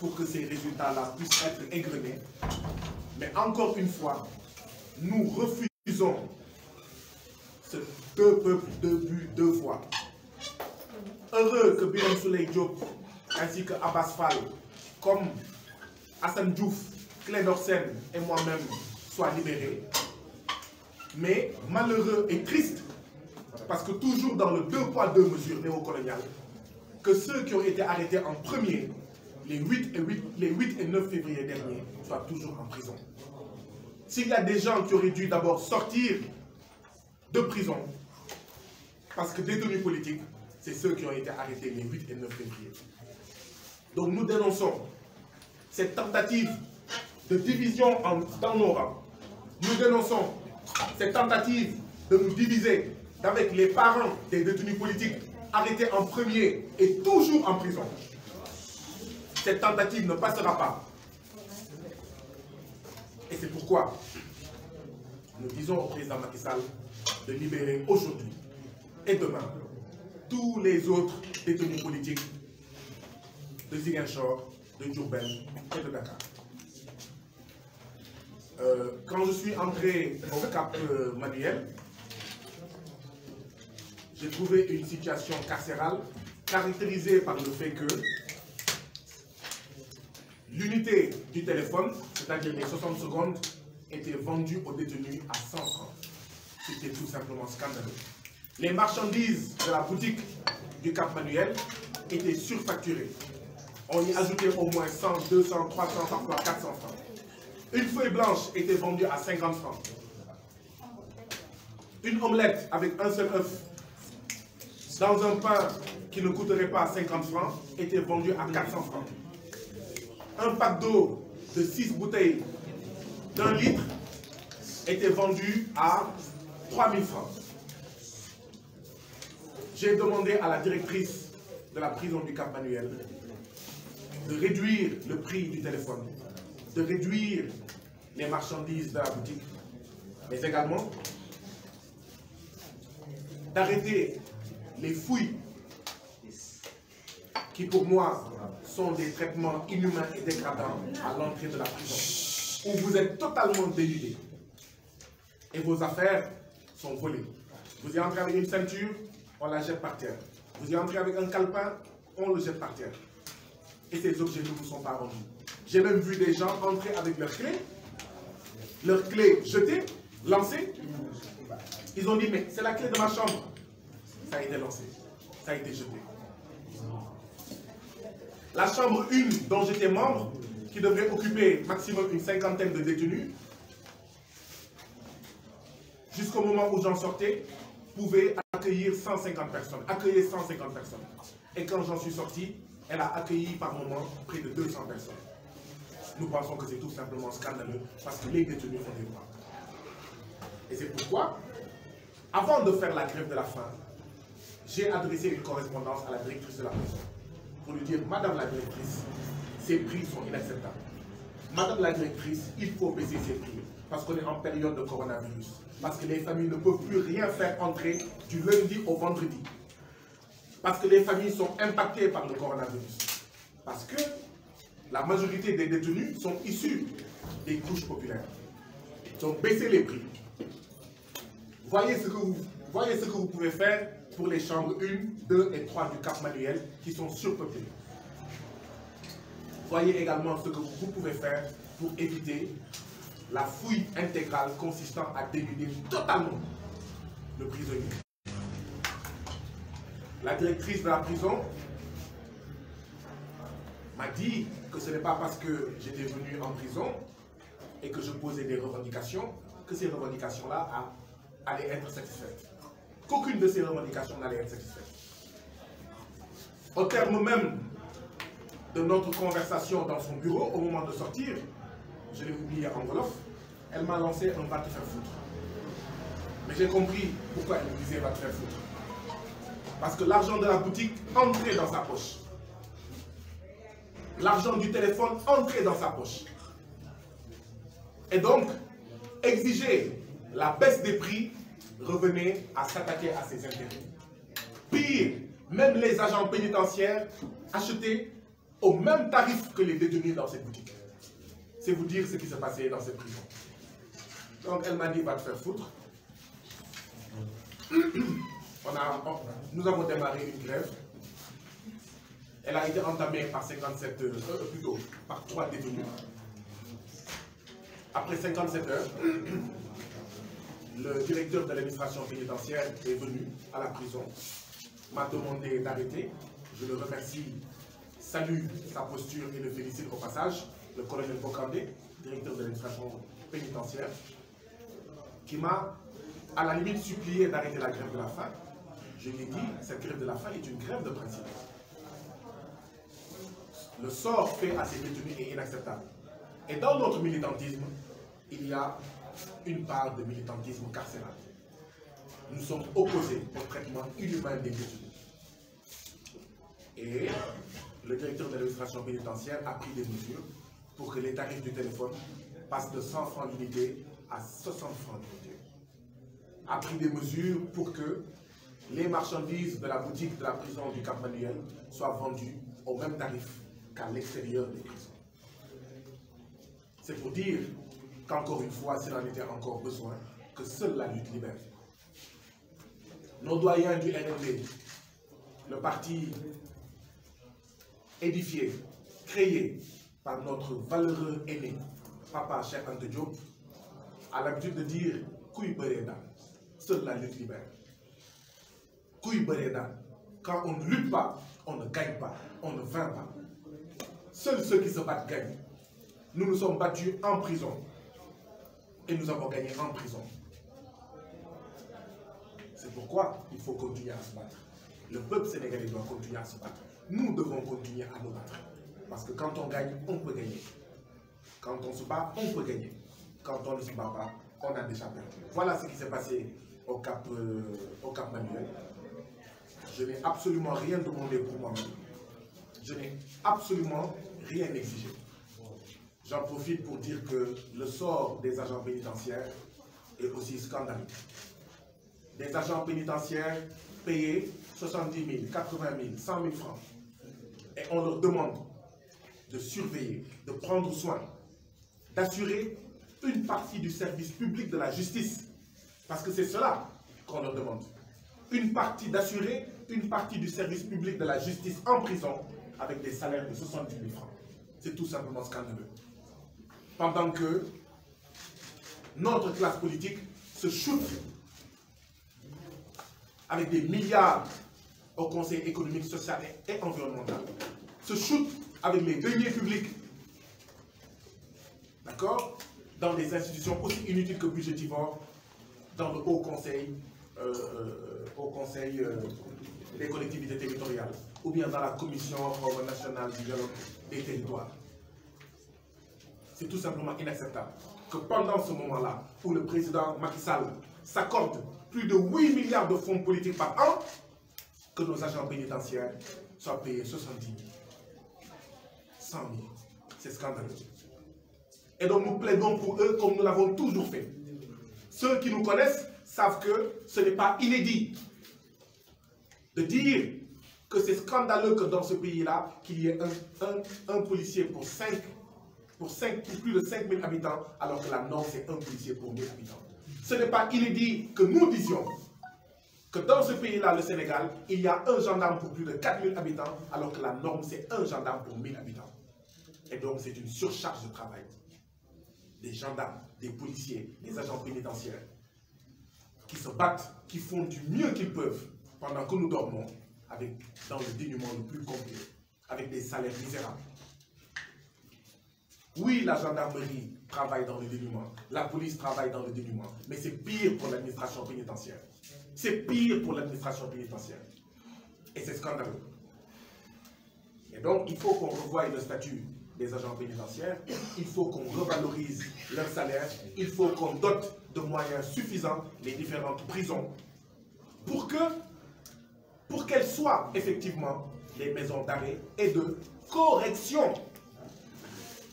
pour que ces résultats-là puissent être égrenés. Mais encore une fois, nous refusons ce deux peuples, deux buts, deux voix heureux que Biram Souley Diop ainsi que Abbas Fall, comme Hassan Diouf, Claire Dorsen et moi-même soient libérés. Mais malheureux et triste, parce que toujours dans le deux poids deux mesures néocoloniales, que ceux qui ont été arrêtés en premier, les 8 et, les 8 et 9 février dernier, soient toujours en prison. S'il y a des gens qui auraient dû d'abord sortir de prison, parce que détenus politiques, c'est ceux qui ont été arrêtés les 8 et 9 février. Donc nous dénonçons cette tentative de division en, dans nos rangs. Nous dénonçons cette tentative de nous diviser avec les parents des détenus politiques arrêtés en premier et toujours en prison. Cette tentative ne passera pas. Et c'est pourquoi nous disons au président Macky Sall de libérer aujourd'hui et demain tous les autres détenus politiques de Ziguinchor, de Djurben et de Dakar. Euh, quand je suis entré au Cap euh, Manuel, j'ai trouvé une situation carcérale caractérisée par le fait que l'unité du téléphone, c'est-à-dire les 60 secondes, était vendue aux détenus à 100 francs. C'était tout simplement scandaleux. Les marchandises de la boutique du Cap Manuel étaient surfacturées. On y ajoutait au moins 100, 200, 300, parfois 400 francs. Une feuille blanche était vendue à 50 francs. Une omelette avec un seul œuf dans un pain qui ne coûterait pas 50 francs était vendue à 400 francs. Un pack d'eau de 6 bouteilles d'un litre était vendu à 3000 francs j'ai demandé à la directrice de la prison du Cap Manuel de réduire le prix du téléphone, de réduire les marchandises de la boutique, mais également d'arrêter les fouilles qui pour moi sont des traitements inhumains et dégradants à l'entrée de la prison, où vous êtes totalement dénudé et vos affaires sont volées. Vous y entrez avec une ceinture, on la jette par terre. Vous y entrez avec un calepin, on le jette par terre. Et ces objets ne vous sont pas rendus. J'ai même vu des gens entrer avec leur clé, leur clé jetée, lancée. Ils ont dit, mais c'est la clé de ma chambre. Ça a été lancé, ça a été jeté. La chambre 1 dont j'étais membre, qui devrait occuper maximum une cinquantaine de détenus, jusqu'au moment où j'en sortais, pouvait accueillir 150 personnes, accueillir 150 personnes. Et quand j'en suis sorti, elle a accueilli par moment près de 200 personnes. Nous pensons que c'est tout simplement scandaleux parce que les détenus font des droits. Et c'est pourquoi, avant de faire la grève de la faim, j'ai adressé une correspondance à la directrice de la prison pour lui dire, Madame la directrice, ces prix sont inacceptables. Madame la directrice, il faut baisser ces prix parce qu'on est en période de coronavirus parce que les familles ne peuvent plus rien faire entrer du lundi au vendredi. Parce que les familles sont impactées par le coronavirus. Parce que la majorité des détenus sont issus des couches populaires. Ils ont baissé les prix. Voyez ce que vous, voyez ce que vous pouvez faire pour les chambres 1, 2 et 3 du Cap Manuel qui sont surpeuplées. Voyez également ce que vous pouvez faire pour éviter la fouille intégrale consistant à dénuder totalement le prisonnier. La directrice de la prison m'a dit que ce n'est pas parce que j'étais venu en prison et que je posais des revendications que ces revendications-là allaient être satisfaites. Qu'aucune de ces revendications n'allait être satisfaite. Au terme même de notre conversation dans son bureau, au moment de sortir, je l'ai oublié en elle m'a lancé un va te faire foutre. Mais j'ai compris pourquoi elle me disait va te faire foutre. Parce que l'argent de la boutique entrait dans sa poche. L'argent du téléphone entrait dans sa poche. Et donc, exiger la baisse des prix revenait à s'attaquer à ses intérêts. Pire, même les agents pénitentiaires achetaient au même tarif que les détenus dans ces boutiques. C'est vous dire ce qui s'est passé dans cette prison. Donc elle m'a dit, va te faire foutre. nous avons démarré une grève. Elle a été entamée par 57 heures, euh, plutôt, par trois détenus. Après 57 heures, le directeur de l'administration pénitentiaire est venu à la prison, m'a demandé d'arrêter. Je le remercie, salue sa posture et le félicite au passage le colonel Bokandé, directeur de l'administration pénitentiaire, qui m'a, à la limite, supplié d'arrêter la grève de la faim. Je lui ai dit, cette grève de la faim est une grève de principe. Le sort fait à ces détenus est inacceptable. Et dans notre militantisme, il y a une part de militantisme carcéral. Nous sommes opposés au traitement inhumain des détenus. Et le directeur de l'administration pénitentiaire a pris des mesures pour que les tarifs du téléphone passent de 100 francs d'unité à 60 francs d'unité, A pris des mesures pour que les marchandises de la boutique de la prison du Cap Manuel soient vendues au même tarif qu'à l'extérieur des prisons. C'est pour dire qu'encore une fois, s'il en était encore besoin, que seule la lutte libère. Nos doyens du NLD, le parti édifié, créé, par notre valeureux aîné, Papa Cheikh Ante a l'habitude de dire Couille Bereda, seule la lutte libère. Couille quand on ne lutte pas, on ne gagne pas, on ne vainc pas. Seuls ceux qui se battent gagnent. Nous nous sommes battus en prison et nous avons gagné en prison. C'est pourquoi il faut continuer à se battre. Le peuple sénégalais doit continuer à se battre. Nous devons continuer à nous battre. Parce que quand on gagne, on peut gagner. Quand on se bat, on peut gagner. Quand on ne se bat pas, on a déjà perdu. Voilà ce qui s'est passé au Cap, euh, au Cap Manuel. Je n'ai absolument rien demandé pour moi-même. Je n'ai absolument rien exigé. J'en profite pour dire que le sort des agents pénitentiaires est aussi scandaleux. Des agents pénitentiaires payés 70 000, 80 000, 100 000 francs. Et on leur demande de surveiller, de prendre soin, d'assurer une partie du service public de la justice. Parce que c'est cela qu'on leur demande. Une partie d'assurer une partie du service public de la justice en prison avec des salaires de 70 000 francs. C'est tout simplement scandaleux. Pendant que notre classe politique se shoot avec des milliards au Conseil économique, social et environnemental, se shoot avec mes deniers publics. D'accord Dans des institutions aussi inutiles que budgétivores, dans le Haut Conseil, euh, euh, au Conseil euh, des collectivités territoriales, ou bien dans la Commission nationale du dialogue des territoires. C'est tout simplement inacceptable que pendant ce moment-là, où le président Macky Sall s'accorde plus de 8 milliards de fonds politiques par an, que nos agents pénitentiaires soient payés 70 100 000. C'est scandaleux. Et donc nous plaidons pour eux comme nous l'avons toujours fait. Ceux qui nous connaissent savent que ce n'est pas inédit de dire que c'est scandaleux que dans ce pays-là, qu'il y ait un, policier pour 5, pour 5, plus de 5 000 habitants, alors que la norme, c'est un policier pour 1000 habitants. Ce n'est pas inédit que nous disions que dans ce pays-là, le Sénégal, il y a un gendarme pour plus de 4 000 habitants, alors que la norme, c'est un gendarme pour 1000 habitants. Et donc, c'est une surcharge de travail. Des gendarmes, des policiers, des agents pénitentiaires qui se battent, qui font du mieux qu'ils peuvent pendant que nous dormons avec, dans le dénuement le plus complet, avec des salaires misérables. Oui, la gendarmerie travaille dans le dénuement, la police travaille dans le dénuement, mais c'est pire pour l'administration pénitentiaire. C'est pire pour l'administration pénitentiaire. Et c'est scandaleux. Et donc, il faut qu'on revoie le statut des agents pénitentiaires, il faut qu'on revalorise leur salaire, il faut qu'on dote de moyens suffisants les différentes prisons pour que, pour qu'elles soient effectivement des maisons d'arrêt et de correction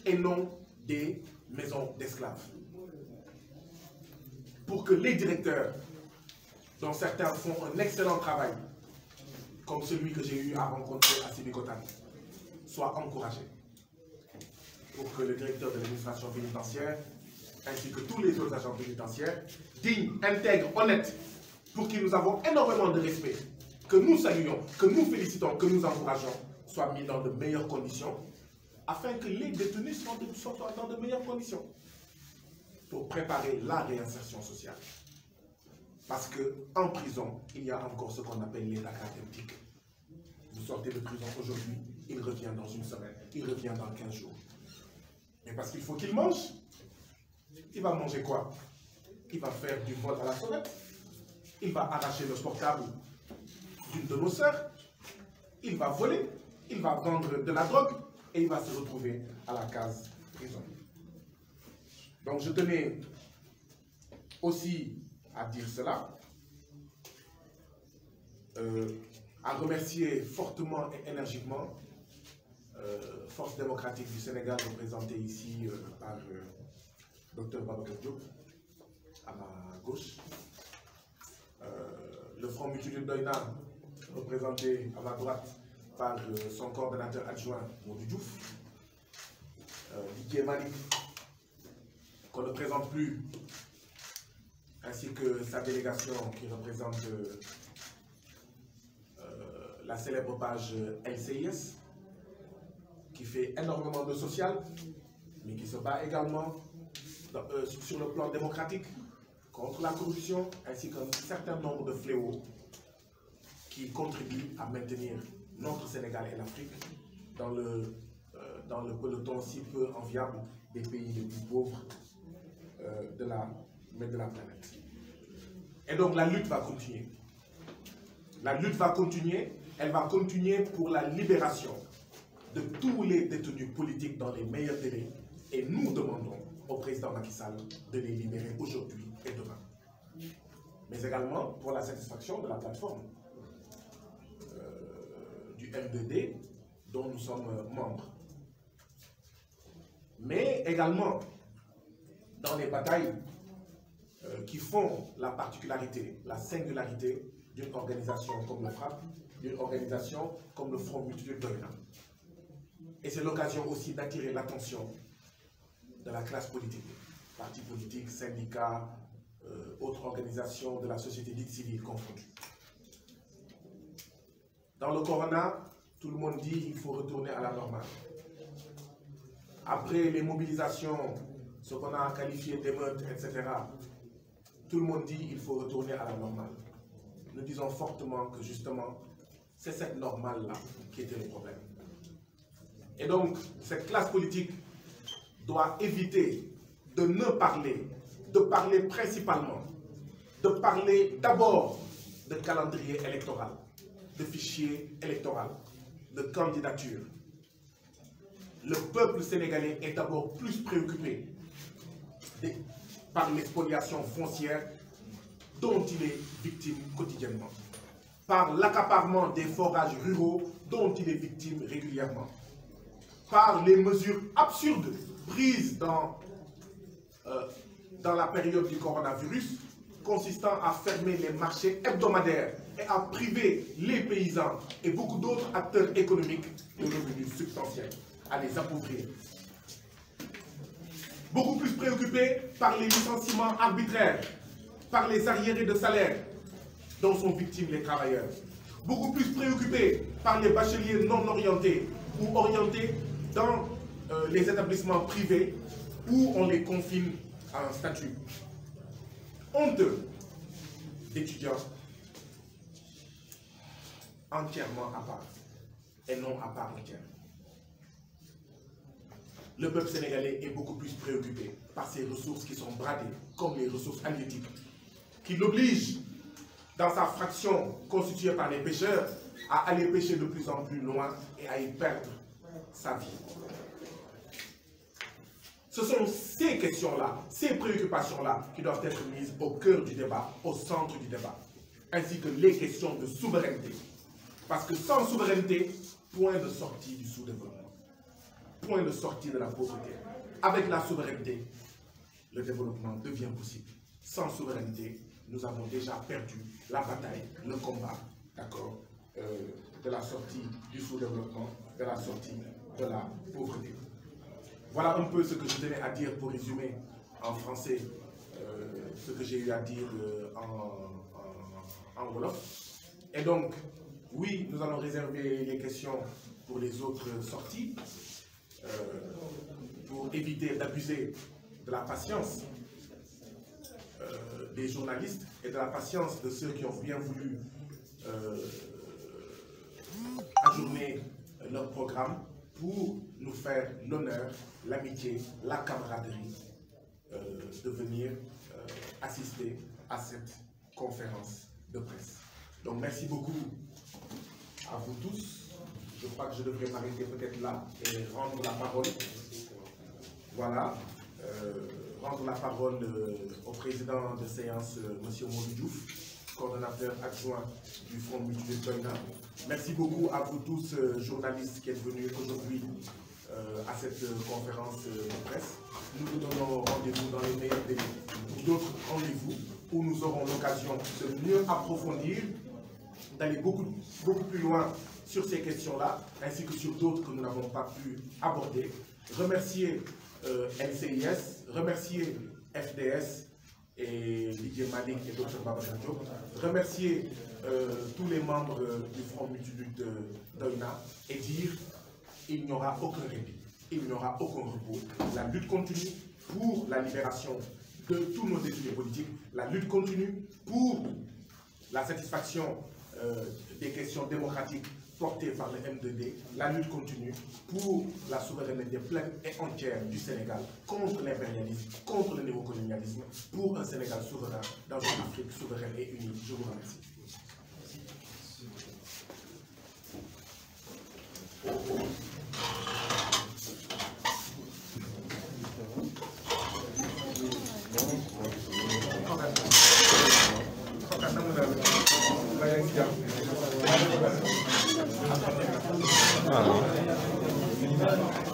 et non des maisons d'esclaves. Pour que les directeurs, dont certains font un excellent travail, comme celui que j'ai eu à rencontrer à Sibikotan, soient encouragés pour que le directeur de l'administration pénitentiaire, ainsi que tous les autres agents pénitentiaires, dignes, intègres, honnêtes, pour qui nous avons énormément de respect, que nous saluons, que nous félicitons, que nous encourageons, soient mis dans de meilleures conditions, afin que les détenus soient, de, dans de meilleures conditions, pour préparer la réinsertion sociale. Parce qu'en prison, il y a encore ce qu'on appelle l'état académique. Vous sortez de prison aujourd'hui, il revient dans une semaine, il revient dans 15 jours. Mais parce qu'il faut qu'il mange. Il va manger quoi Il va faire du vol à la sonnette. Il va arracher le portable d'une de nos sœurs. Il va voler. Il va vendre de la drogue. Et il va se retrouver à la case prison. Donc je tenais aussi à dire cela. Euh, à remercier fortement et énergiquement euh, Force démocratique du Sénégal, représentée ici euh, par euh, Dr Babacar Diop, à ma gauche. le Front Mutuel Doina, représenté à ma droite par son coordonnateur adjoint, Maudou Diouf. Didier qu'on ne présente plus, ainsi que sa délégation qui représente la célèbre page LCIS qui fait énormément de social, mais qui se bat également euh, sur le plan démocratique contre la corruption, ainsi qu'un certain nombre de fléaux qui contribuent à maintenir notre Sénégal et l'Afrique dans le, euh, dans le peloton si peu enviable des pays les plus pauvres euh, de, la, de la planète. Et donc la lutte va continuer. La lutte va continuer, elle va continuer pour la libération de tous les détenus politiques dans les meilleurs délais et nous demandons au président Macky Sall de les libérer aujourd'hui et demain. Mais également pour la satisfaction de la plateforme euh, du MDD dont nous sommes euh, membres. Mais également dans les batailles euh, qui font la particularité, la singularité d'une organisation comme le FRAP, d'une organisation comme le Front Mutuel de Doyen. Et c'est l'occasion aussi d'attirer l'attention de la classe politique, partis politiques, syndicats, euh, autres organisations de la société dite civile confondue. Dans le corona, tout le monde dit qu'il faut retourner à la normale. Après les mobilisations, ce qu'on a qualifié d'émeutes, etc., tout le monde dit qu'il faut retourner à la normale. Nous disons fortement que justement, c'est cette normale-là qui était le problème. Et donc, cette classe politique doit éviter de ne parler, de parler principalement, de parler d'abord de calendrier électoral, de fichier électoral, de candidature. Le peuple sénégalais est d'abord plus préoccupé par l'expoliation foncière dont il est victime quotidiennement, par l'accaparement des forages ruraux dont il est victime régulièrement, par les mesures absurdes prises dans, euh, dans la période du coronavirus, consistant à fermer les marchés hebdomadaires et à priver les paysans et beaucoup d'autres acteurs économiques de revenus substantiels, à les appauvrir. Beaucoup plus préoccupés par les licenciements arbitraires, par les arriérés de salaire dont sont victimes les travailleurs. Beaucoup plus préoccupés par les bacheliers non orientés ou orientés dans euh, les établissements privés où on les confine à un statut honteux d'étudiants entièrement à part et non à part entière. Le peuple sénégalais est beaucoup plus préoccupé par ces ressources qui sont bradées, comme les ressources halieutiques, qui l'obligent, dans sa fraction constituée par les pêcheurs, à aller pêcher de plus en plus loin et à y perdre sa vie. Ce sont ces questions-là, ces préoccupations-là qui doivent être mises au cœur du débat, au centre du débat, ainsi que les questions de souveraineté. Parce que sans souveraineté, point de sortie du sous-développement, point de sortie de la pauvreté. Avec la souveraineté, le développement devient possible. Sans souveraineté, nous avons déjà perdu la bataille, le combat, d'accord, euh, de la sortie du sous-développement, de la sortie de la pauvreté. Voilà un peu ce que je tenais à dire pour résumer en français euh, ce que j'ai eu à dire euh, en, en, Et donc, oui, nous allons réserver les questions pour les autres sorties, euh, pour éviter d'abuser de la patience des journalistes et de la patience de ceux qui ont bien voulu ajourner leur programme pour nous faire l'honneur, l'amitié, la camaraderie euh, de venir euh, assister à cette conférence de presse. Donc merci beaucoup à vous tous. Je crois que je devrais m'arrêter peut-être là et rendre la parole. Voilà. Euh, rendre la parole au président de séance, M. Mouliouf coordonnateur adjoint du Front de multiculturel. Merci beaucoup à vous tous, euh, journalistes qui êtes venus aujourd'hui euh, à cette euh, conférence de presse. Nous vous donnons rendez-vous dans les meilleurs délais pour d'autres rendez-vous où nous aurons l'occasion de mieux approfondir, d'aller beaucoup, beaucoup plus loin sur ces questions-là, ainsi que sur d'autres que nous n'avons pas pu aborder. Remercier NCIS, remercier FDS, et Didier Malik et d'autres Remercier euh, tous les membres euh, du Front Multilut euh, de d'OINA et dire il n'y aura aucun répit, il n'y aura aucun repos. La lutte continue pour la libération de tous nos détenus politiques. La lutte continue pour la satisfaction des questions démocratiques portée par le M2D, la lutte continue pour la souveraineté pleine et entière du Sénégal contre l'impérialisme, contre le néocolonialisme, pour un Sénégal souverain dans une Afrique souveraine et unie. Je vous remercie. 啊。